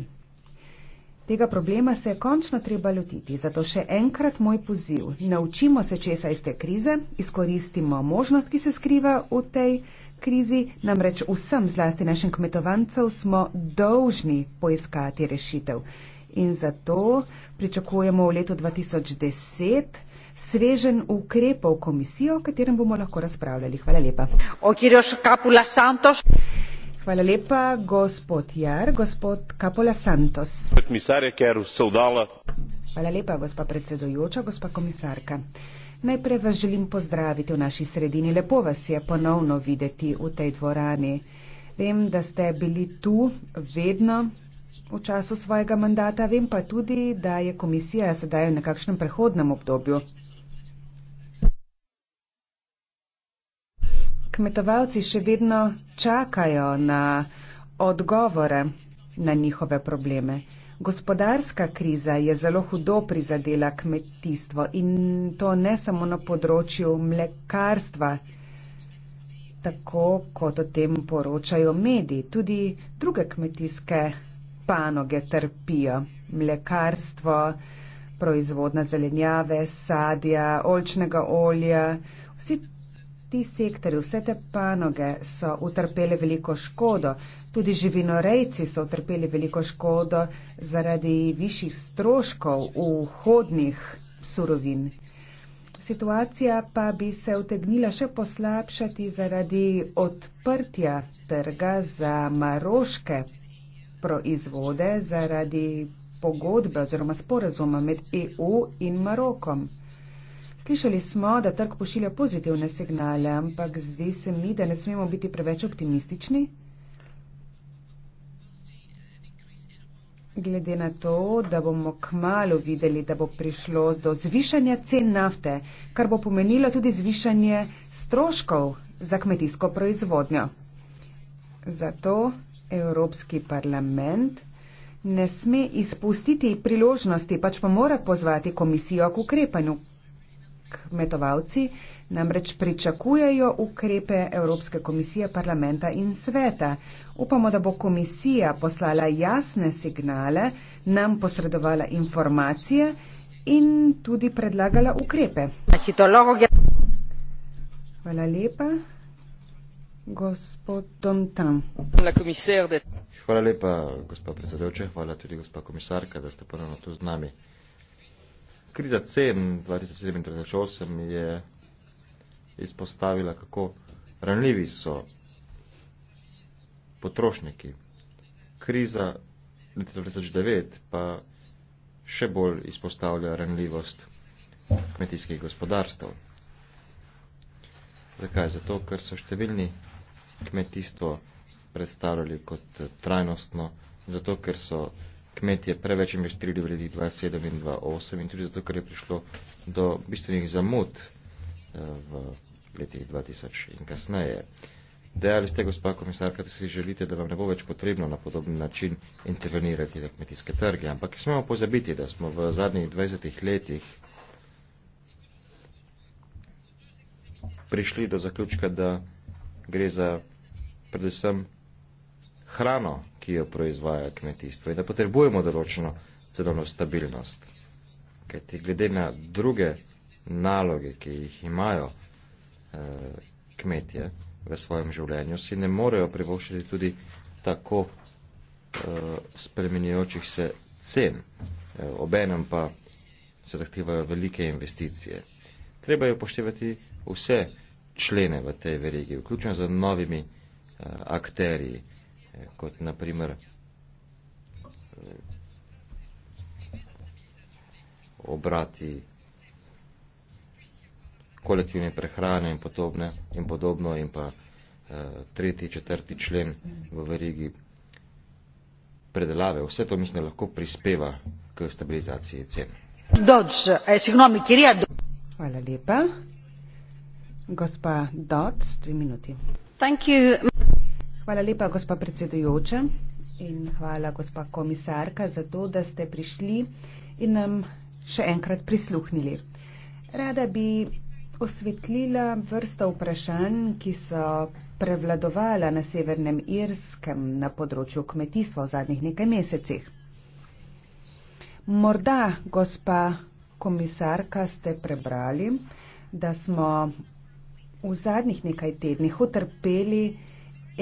Tega problema se je končno treba lotiti, zato še enkrat moj poziv. Naučimo se česa iz te krize, izkoristimo možnost, ki se skriva v tej krizi krizi, namreč vsem zlasti našim kmetovancev smo dolžni poiskati rešitev. In zato pričakujemo v letu 2010 svežen ukrepov komisijo, o katerem bomo lahko razpravljali. Hvala lepa. Hvala lepa, gospod Jar, gospod Kapola Santos. Hvala lepa, gospa predsedujoča, gospa komisarka. Najprej vas želim pozdraviti v naši sredini. Lepo vas je ponovno videti v tej dvorani. Vem, da ste bili tu vedno v času svojega mandata, vem pa tudi, da je komisija sedaj v nekakšnem prehodnem obdobju. Kmetovalci še vedno čakajo na odgovore na njihove probleme. Gospodarska kriza je zelo hudo prizadela kmetijstvo in to ne samo na področju mlekarstva, tako kot o tem poročajo mediji. Tudi druge kmetijske panoge trpijo. Mlekarstvo, proizvodna zelenjave, sadja, olčnega olja. Vsi ti sektori, vse te panoge so utrpele veliko škodo. Tudi živinorejci so utrpeli veliko škodo zaradi višjih stroškov vhodnih surovin. Situacija pa bi se utegnila še poslabšati zaradi odprtja trga za maroške proizvode zaradi pogodbe oziroma sporazuma med EU in Marokom. Slišali smo, da trg pošilja pozitivne signale, ampak zdi se mi, da ne smemo biti preveč optimistični. Glede na to, da bomo k malu videli, da bo prišlo do zvišanja cen nafte, kar bo pomenilo tudi zvišanje stroškov za kmetijsko proizvodnjo. Zato Evropski parlament ne sme izpustiti priložnosti, pač pa mora pozvati komisijo k ukrepanju. Kmetovalci namreč pričakujejo ukrepe Evropske komisije, parlamenta in sveta upamo, da bo komisija poslala jasne signale, nam posredovala informacije in tudi predlagala ukrepe. Hvala lepa, gospod Tomtam. Hvala lepa, gospod predsedoče, hvala tudi gospa komisarka, da ste ponovno tu z nami. Kriza cen 2007-2008 je izpostavila, kako ranljivi so potrošniki. Kriza leta 2009 pa še bolj izpostavlja renljivost kmetijskih gospodarstv. Zakaj? Zato, ker so številni kmetijstvo predstavljali kot trajnostno, zato, ker so kmetje preveč investirali v redi 27 in 28 in tudi zato, ker je prišlo do bistvenih zamud eh, v letih 2000 in kasneje. Dejali ste, gospa komisarka, da si želite, da vam ne bo več potrebno na podoben način intervenirati na kmetijske trge, ampak smemo pozabiti, da smo v zadnjih 20 letih prišli do zaključka, da gre za predvsem hrano, ki jo proizvaja kmetijstvo in da potrebujemo določeno celovno stabilnost. Kajti glede na druge naloge, ki jih imajo eh, kmetje, v svojem življenju, si ne morejo privoščiti tudi tako uh, eh, spremenjajočih se cen. Uh, obenem pa se zahtevajo velike investicije. Treba je upoštevati vse člene v tej verigi, vključno z novimi uh, akterji, kot naprimer uh, obrati uh, kolektivne prehrane in, podobne, in podobno in pa eh, tretji, četrti člen v verigi predelave. Vse to mislim, da lahko prispeva k stabilizaciji cen. Dodge, eh, kirija, do... Hvala lepa. Gospa Dodge, dve minuti. Thank you. Hvala lepa, gospa predsedujoča in hvala, gospa komisarka, za to, da ste prišli in nam še enkrat prisluhnili. Rada bi osvetlila vrsta vprašanj, ki so prevladovala na severnem Irskem na področju kmetijstva v zadnjih nekaj mesecih. Morda, gospa komisarka, ste prebrali, da smo v zadnjih nekaj tednih utrpeli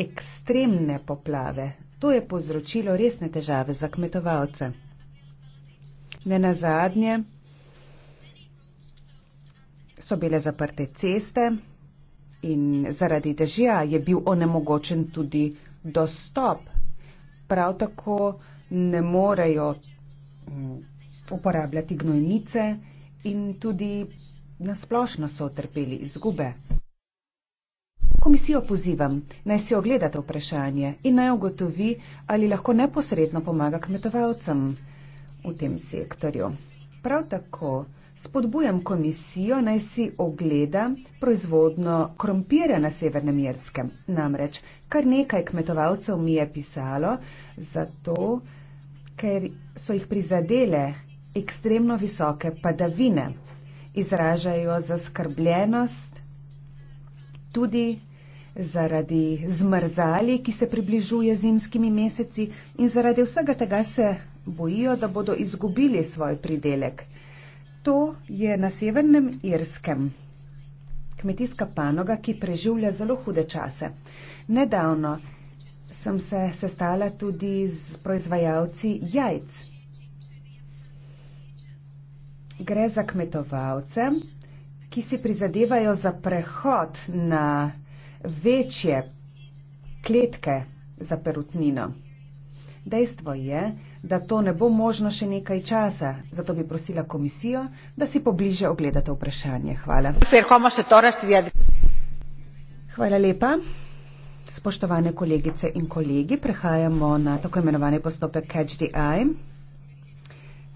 ekstremne poplave. To je povzročilo resne težave za kmetovalce. Ne nazadnje, so bile zaprte ceste in zaradi dežja je bil onemogočen tudi dostop. Prav tako ne morejo mm, uporabljati gnojnice in tudi nasplošno so utrpeli izgube. Komisijo pozivam, naj si ogledate vprašanje in naj ugotovi, ali lahko neposredno pomaga kmetovalcem v tem sektorju. Prav tako Spodbujam komisijo, naj si ogleda proizvodno krompirja na Severnem Irskem. Namreč kar nekaj kmetovalcev mi je pisalo, zato ker so jih prizadele ekstremno visoke padavine. Izražajo zaskrbljenost tudi zaradi zmrzali, ki se približuje zimskimi meseci in zaradi vsega tega se bojijo, da bodo izgubili svoj pridelek. To je na severnem Irskem kmetijska panoga, ki preživlja zelo hude čase. Nedavno sem se sestala tudi z proizvajalci jajc. Gre za kmetovalce, ki si prizadevajo za prehod na večje kletke za perutnino. Dejstvo je, da da to ne bo možno še nekaj časa. Zato bi prosila komisijo, da si pobliže ogledate vprašanje. Hvala. Hvala lepa. Spoštovane kolegice in kolegi, prehajamo na tako imenovani postopek Catch the Eye.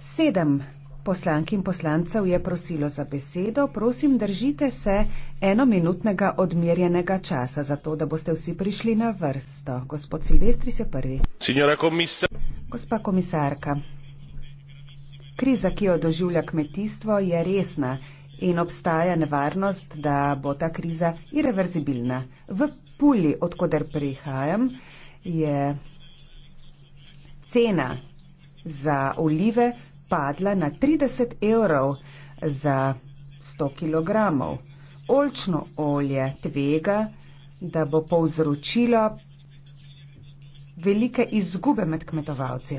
Sedem poslank in poslancev je prosilo za besedo. Prosim, držite se enominutnega odmerjenega časa, zato da boste vsi prišli na vrsto. Gospod Silvestri se prvi. Signora komisar. Gospa komisarka, kriza, ki jo doživlja kmetijstvo, je resna in obstaja nevarnost, da bo ta kriza irreverzibilna. V Puli, odkuder prihajam, je cena za olive padla na 30 evrov za 100 kg. Olčno olje tvega, da bo povzročilo velike izgube med kmetovalci.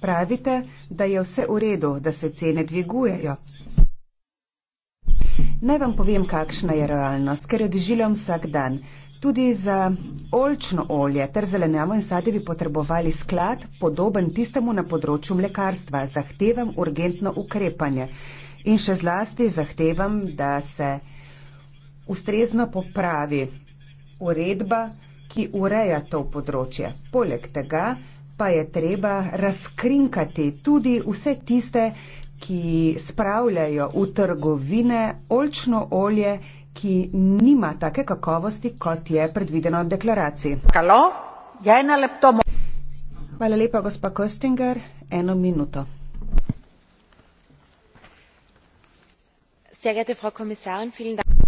Pravite, da je vse v redu, da se cene dvigujejo. Naj vam povem, kakšna je realnost, ker jo doživljam vsak dan. Tudi za olčno olje ter zelenjavo in sadje bi potrebovali sklad, podoben tistemu na področju mlekarstva. Zahtevam urgentno ukrepanje in še zlasti zahtevam, da se ustrezno popravi uredba, ki ureja to področje. Poleg tega pa je treba razkrinkati tudi vse tiste, ki spravljajo v trgovine olčno olje, ki nima take kakovosti, kot je predvideno v deklaraciji. Ja, hvala lepa, gospa Kostinger. Eno minuto.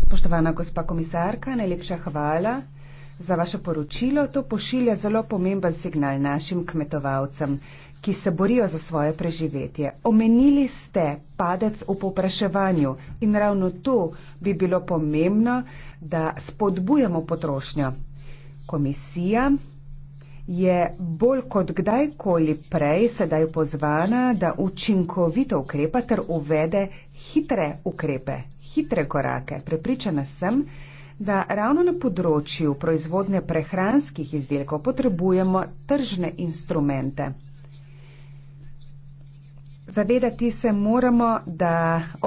Spoštovana gospa komisarka, najlepša hvala za vaše poročilo. To pošilja zelo pomemben signal našim kmetovalcem, ki se borijo za svoje preživetje. Omenili ste padec v popraševanju in ravno to bi bilo pomembno, da spodbujamo potrošnjo. Komisija je bolj kot kdajkoli prej sedaj pozvana, da učinkovito ukrepa ter uvede hitre ukrepe, hitre korake. Prepričana sem, da ravno na področju proizvodnje prehranskih izdelkov potrebujemo tržne instrumente. Zavedati se moramo, da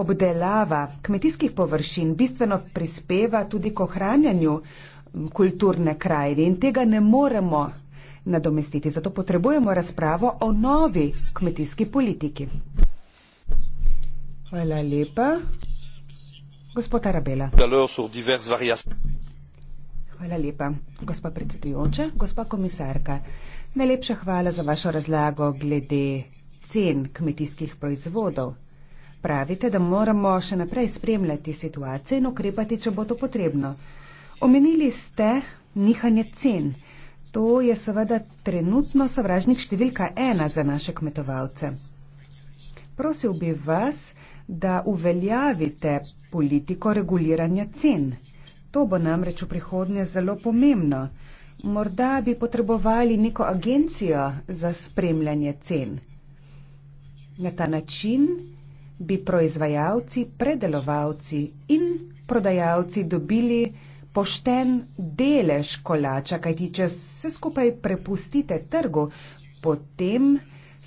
obdelava kmetijskih površin bistveno prispeva tudi k ohranjanju kulturne krajine in tega ne moremo nadomestiti. Zato potrebujemo razpravo o novi kmetijski politiki. Hvala lepa. Gospod Arabela. Hvala lepa, gospa predsedujoča, gospa komisarka. Najlepša hvala za vašo razlago glede cen kmetijskih proizvodov. Pravite, da moramo še naprej spremljati situacijo in ukrepati, če bo to potrebno. Omenili ste nihanje cen. To je seveda trenutno sovražnik številka ena za naše kmetovalce. Prosil bi vas, da uveljavite politiko reguliranja cen. To bo namreč v prihodnje zelo pomembno. Morda bi potrebovali neko agencijo za spremljanje cen. Na ta način bi proizvajalci, predelovalci in prodajalci dobili pošten delež kolača, kajti če vse skupaj prepustite trgu, potem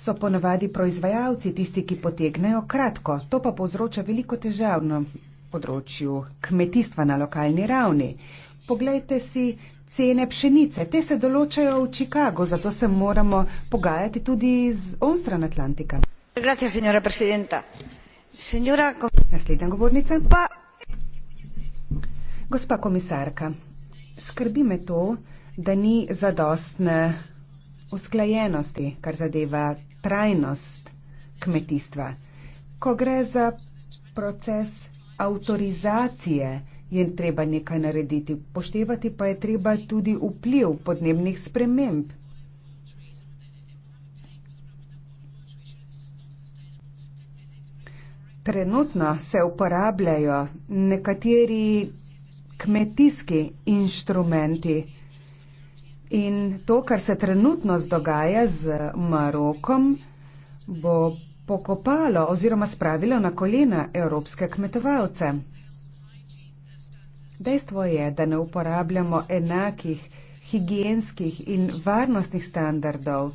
so ponavadi proizvajalci tisti, ki potegnejo kratko. To pa povzroča veliko težavno področju kmetijstva na lokalni ravni. Poglejte si cene pšenice, te se določajo v Čikagu, zato se moramo pogajati tudi z onstran Atlantika. Gracias, señora presidenta. Señora... Naslednja govornica. Pa... Gospa komisarka, skrbi me to, da ni zadostne usklajenosti, kar zadeva trajnost kmetijstva. Ko gre za proces avtorizacije je treba nekaj narediti, poštevati pa je treba tudi vpliv podnebnih sprememb. Trenutno se uporabljajo nekateri kmetijski inštrumenti in to, kar se trenutno zdogaja z Marokom, bo pokopalo oziroma spravilo na kolena evropske kmetovalce. Dejstvo je, da ne uporabljamo enakih higijenskih in varnostnih standardov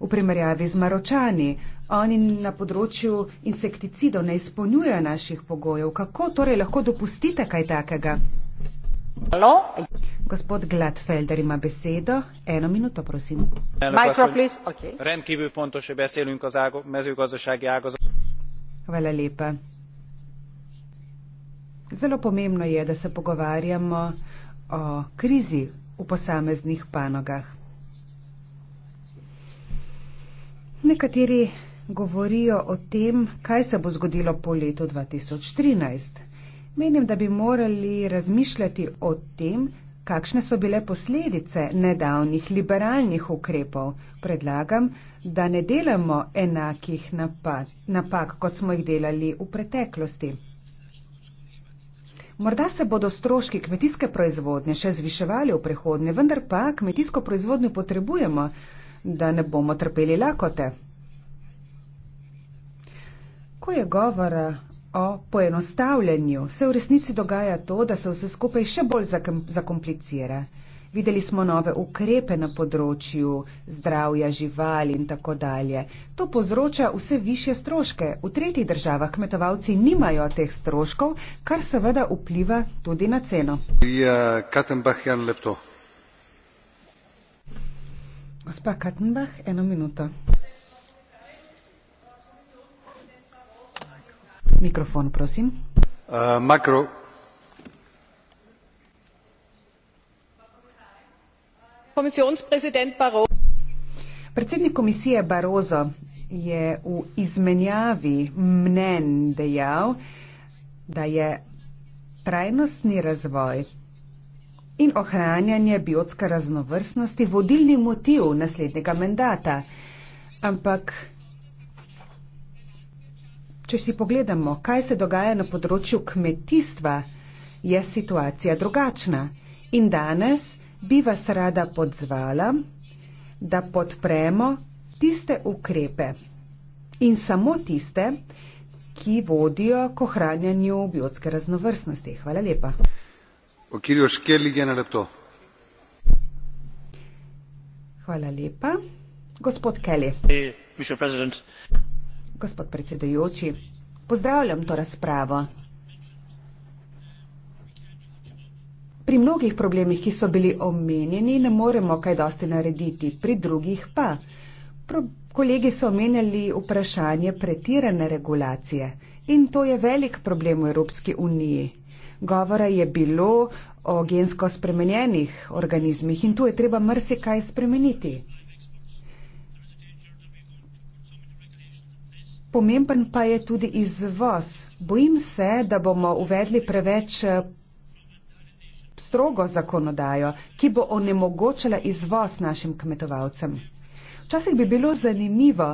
v primerjavi z maročani. Oni na področju insekticidov ne izpolnjujejo naših pogojev. Kako torej lahko dopustite kaj takega? Hello? Gospod Gladfelder ima besedo. Eno minuto, prosim. Mikro, okay. Rendkívül fontos, hogy beszélünk az ágo- mezőgazdasági ágazatokról. Hvala lepa. Zelo pomembno je, da se pogovarjamo o krizi v posameznih panogah. Nekateri govorijo o tem, kaj se bo zgodilo po letu 2013. Menim, da bi morali razmišljati o tem, kakšne so bile posledice nedavnih liberalnih ukrepov. Predlagam, da ne delamo enakih napad, napak, kot smo jih delali v preteklosti. Morda se bodo stroški kmetijske proizvodnje še zviševali v prihodnje, vendar pa kmetijsko proizvodnjo potrebujemo, da ne bomo trpeli lakote. Ko je govora o poenostavljanju, se v resnici dogaja to, da se vse skupaj še bolj zakomplicira. Videli smo nove ukrepe na področju zdravja živali in tako dalje. To povzroča vse više stroške. V tretjih državah kmetovalci nimajo teh stroškov, kar seveda vpliva tudi na ceno. Ja, Katenbach, Jan Lepto. Gospa Katenbach, eno minuto. mikrofon, prosim. Uh, makro. Komisionspresident Barroso. Predsednik komisije Barroso je v izmenjavi mnen dejal, da je trajnostni razvoj in ohranjanje biotske raznovrstnosti vodilni motiv naslednjega mandata. Ampak Če si pogledamo, kaj se dogaja na področju kmetijstva, je situacija drugačna. In danes bi vas rada podzvala, da podpremo tiste ukrepe in samo tiste, ki vodijo k ohranjanju biotske raznovrstnosti. Hvala lepa. Hvala lepa. Gospod Kelly. Gospod predsedajoči, pozdravljam to razpravo. Pri mnogih problemih, ki so bili omenjeni, ne moremo kaj dosti narediti, pri drugih pa. Pro kolegi so omenjali vprašanje pretirane regulacije in to je velik problem v Evropski uniji. Govora je bilo o gensko spremenjenih organizmih in tu je treba mrsikaj spremeniti. pomemben pa je tudi izvoz. Bojim se, da bomo uvedli preveč eh, strogo zakonodajo, ki bo onemogočala izvoz našim kmetovalcem. Včasih bi bilo zanimivo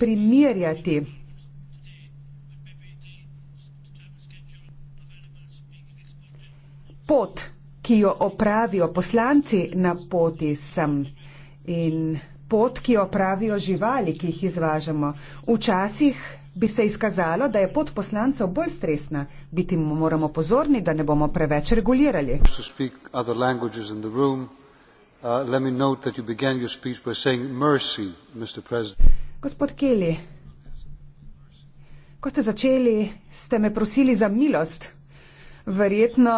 primerjati pot, ki jo opravijo poslanci na poti sem in pot, ki jo pravijo živali, ki jih izvažamo. Včasih bi se izkazalo, da je pot poslancev bolj stresna. Biti moramo pozorni, da ne bomo preveč regulirali. Uh, Gospod Kelly, ko ste začeli, ste me prosili za milost. Verjetno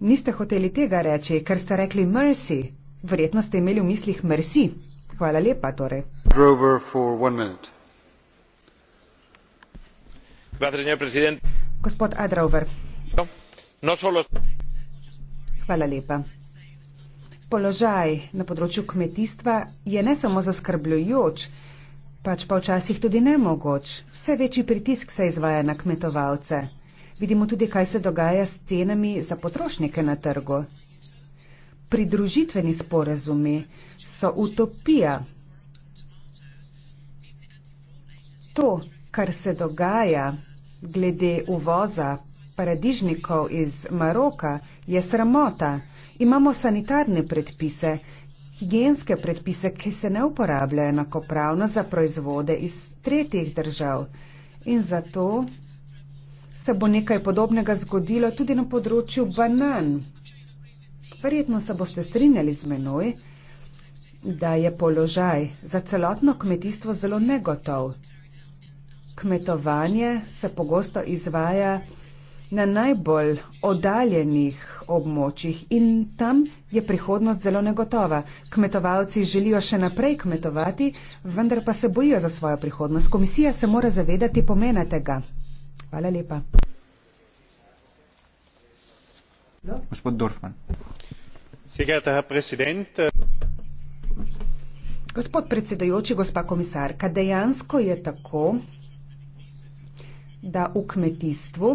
niste hoteli tega reči, ker ste rekli mercy. Verjetno ste imeli v mislih Mersi. Hvala lepa, torej. Gospod Adrover. No, no Hvala lepa. Položaj na področju kmetijstva je ne samo zaskrbljujoč, pač pa včasih tudi nemogoč. Vse večji pritisk se izvaja na kmetovalce. Vidimo tudi, kaj se dogaja s cenami za potrošnike na trgu pridružitveni sporazumi so utopija. To, kar se dogaja glede uvoza paradižnikov iz Maroka, je sramota. Imamo sanitarne predpise, higijenske predpise, ki se ne uporabljajo enakopravno za proizvode iz tretjih držav. In zato se bo nekaj podobnega zgodilo tudi na področju banan. Verjetno se boste strinjali z menoj, da je položaj za celotno kmetijstvo zelo negotov. Kmetovanje se pogosto izvaja na najbolj oddaljenih območjih in tam je prihodnost zelo negotova. Kmetovalci želijo še naprej kmetovati, vendar pa se bojijo za svojo prihodnost. Komisija se mora zavedati pomena tega. Hvala lepa. Äh, gospod predsedujoči, gospa komisarka, dejansko je tako, da v kmetijstvu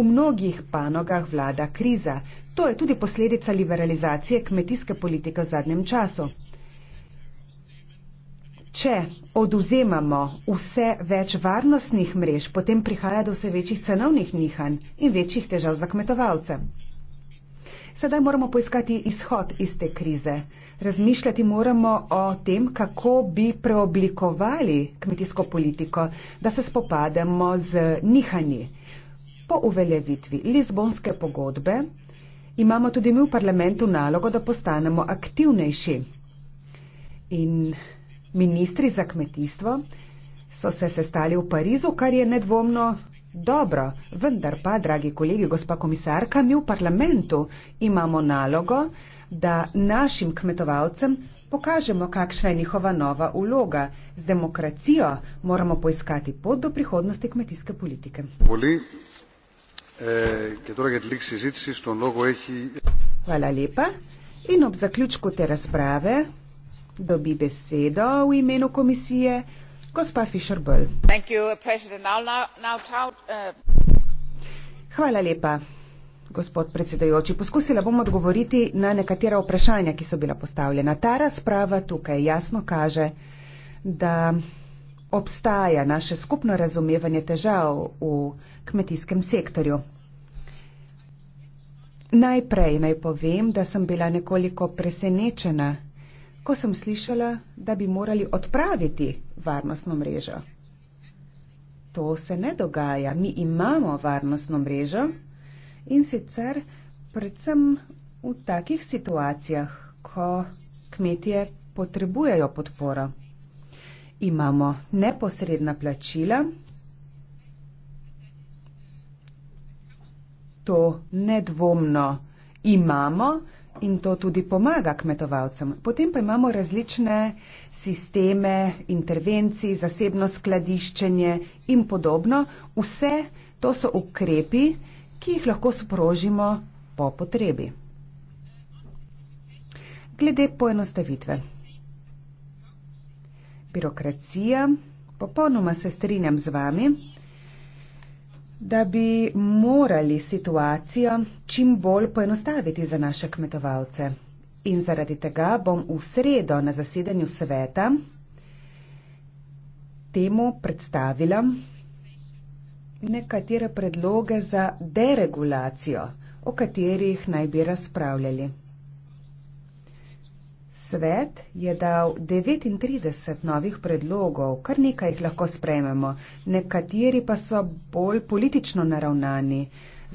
v mnogih panogah vlada kriza. To je tudi posledica liberalizacije kmetijske politike v zadnjem času. Če oduzemamo vse več varnostnih mrež, potem prihaja do vse večjih cenovnih nihanj in večjih težav za kmetovalce. Sedaj moramo poiskati izhod iz te krize. Razmišljati moramo o tem, kako bi preoblikovali kmetijsko politiko, da se spopademo z nihanji. Po uveljavitvi Lizbonske pogodbe imamo tudi mi v parlamentu nalogo, da postanemo aktivnejši. In Ministri za kmetijstvo so se sestali v Parizu, kar je nedvomno dobro. Vendar pa, dragi kolegi, gospa komisarka, mi v parlamentu imamo nalogo, da našim kmetovalcem pokažemo, kakšna je njihova nova vloga. Z demokracijo moramo poiskati pot do prihodnosti kmetijske politike. Eh, torej Hvala lepa. In ob zaključku te razprave dobi besedo v imenu komisije gospa Fischer-Böll. Uh, Hvala lepa, gospod predsedojoči. Poskusila bom odgovoriti na nekatera vprašanja, ki so bila postavljena. Ta razprava tukaj jasno kaže, da obstaja naše skupno razumevanje težav v kmetijskem sektorju. Najprej naj povem, da sem bila nekoliko presenečena, ko sem slišala, da bi morali odpraviti varnostno mrežo. To se ne dogaja, mi imamo varnostno mrežo in sicer predvsem v takih situacijah, ko kmetije potrebujejo podporo. Imamo neposredna plačila, to nedvomno imamo, in to tudi pomaga kmetovalcem. Potem pa imamo različne sisteme, intervencij, zasebno skladiščenje in podobno. Vse to so ukrepi, ki jih lahko sprožimo po potrebi. Glede poenostavitve. Birokracija, popolnoma se strinjam z vami, da bi morali situacijo čim bolj poenostaviti za naše kmetovalce. In zaradi tega bom v sredo na zasedanju sveta temu predstavila nekatere predloge za deregulacijo, o katerih naj bi razpravljali. Svet je dal 39 novih predlogov, kar nekaj jih lahko sprejmemo, nekateri pa so bolj politično naravnani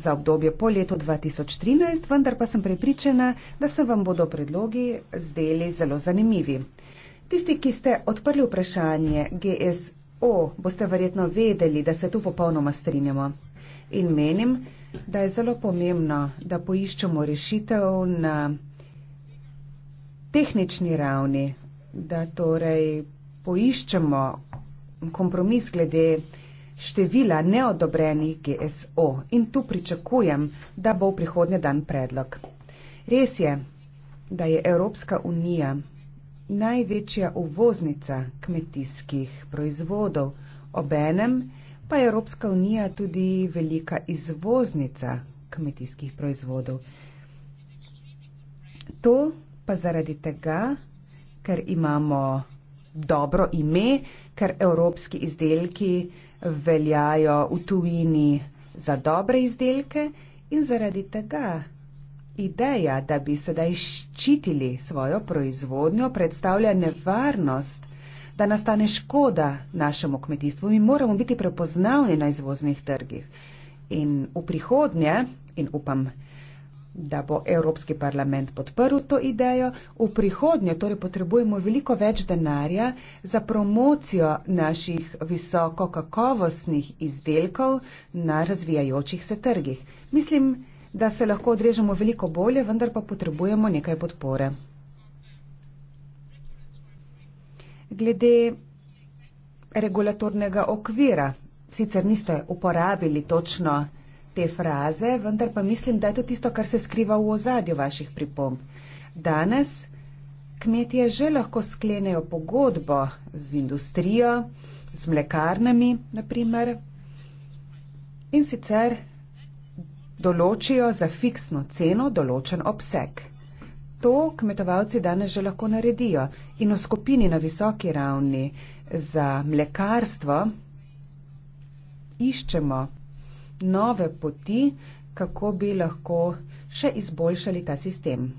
za obdobje po letu 2013, vendar pa sem prepričana, da se vam bodo predlogi zdeli zelo zanimivi. Tisti, ki ste odprli vprašanje GSO, boste verjetno vedeli, da se tu popolnoma strinjamo. In menim, da je zelo pomembno, da poiščemo rešitev na tehnični ravni, da torej poiščemo kompromis glede števila neodobrenih GSO in tu pričakujem, da bo v prihodnje dan predlog. Res je, da je Evropska unija največja uvoznica kmetijskih proizvodov, obenem pa je Evropska unija tudi velika izvoznica kmetijskih proizvodov. To pa zaradi tega, ker imamo dobro ime, ker evropski izdelki veljajo v tujini za dobre izdelke in zaradi tega ideja, da bi sedaj ščitili svojo proizvodnjo, predstavlja nevarnost, da nastane škoda našemu kmetijstvu. Mi moramo biti prepoznavni na izvoznih trgih. In v prihodnje, in upam, da bo Evropski parlament podprl to idejo. V prihodnje torej potrebujemo veliko več denarja za promocijo naših visokokakovostnih izdelkov na razvijajočih se trgih. Mislim, da se lahko odrežemo veliko bolje, vendar pa potrebujemo nekaj podpore. Glede regulatornega okvira. Sicer niste uporabili točno te fraze, vendar pa mislim, da je to tisto, kar se skriva v ozadju vaših pripomb. Danes kmetije že lahko sklenejo pogodbo z industrijo, z mlekarnami, naprimer, in sicer določijo za fiksno ceno določen obseg. To kmetovalci danes že lahko naredijo in v skupini na visoki ravni za mlekarstvo iščemo nove poti, kako bi lahko še izboljšali ta sistem.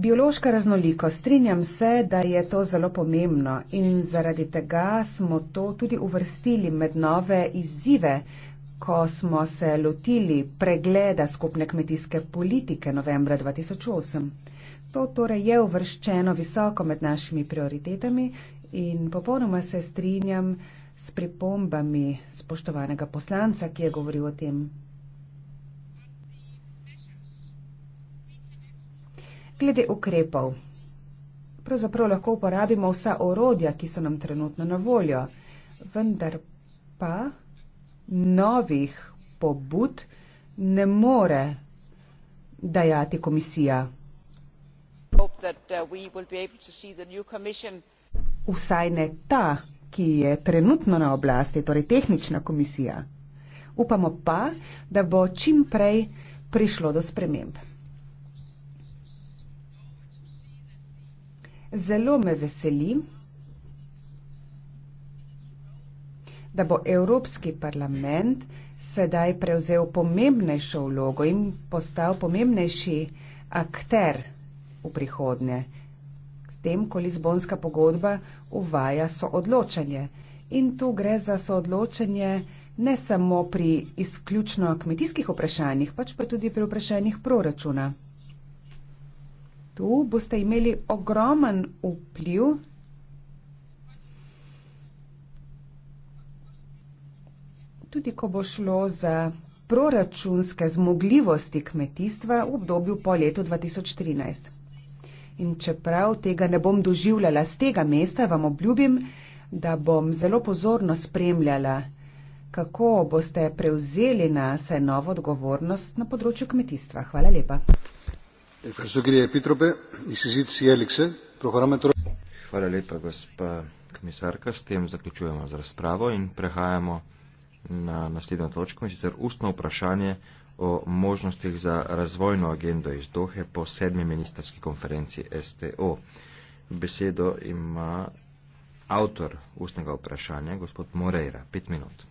Biološka raznolikost. Strinjam se, da je to zelo pomembno in zaradi tega smo to tudi uvrstili med nove izzive, ko smo se lotili pregleda skupne kmetijske politike novembra 2008. To torej je uvrščeno visoko med našimi prioritetami In popolnoma se strinjam s pripombami spoštovanega poslanca, ki je govoril o tem. Glede ukrepov. Pravzaprav lahko uporabimo vsa orodja, ki so nam trenutno na voljo, vendar pa novih pobud ne more dajati komisija. Upam, da bomo lahko videli novo komisijo vsaj ne ta, ki je trenutno na oblasti, torej tehnična komisija. Upamo pa, da bo čim prej prišlo do sprememb. Zelo me veseli, da bo Evropski parlament sedaj prevzel pomembnejšo vlogo in postal pomembnejši akter v prihodnje tem, ko Lizbonska pogodba uvaja soodločanje. In tu gre za soodločanje ne samo pri izključno kmetijskih vprašanjih, pač pa tudi pri vprašanjih proračuna. Tu boste imeli ogromen vpliv. Tudi ko bo šlo za proračunske zmogljivosti kmetijstva v obdobju po letu 2013. In čeprav tega ne bom doživljala z tega mesta, vam obljubim, da bom zelo pozorno spremljala, kako boste prevzeli na se novo odgovornost na področju kmetijstva. Hvala lepa. Hvala lepa, gospa komisarka. S tem zaključujemo z razpravo in prehajamo na naslednjo točko, in sicer ustno vprašanje o možnostih za razvojno agendo iz Dohe po sedmi ministerski konferenci STO. Besedo ima avtor ustnega vprašanja, gospod Moreira. Pet minut.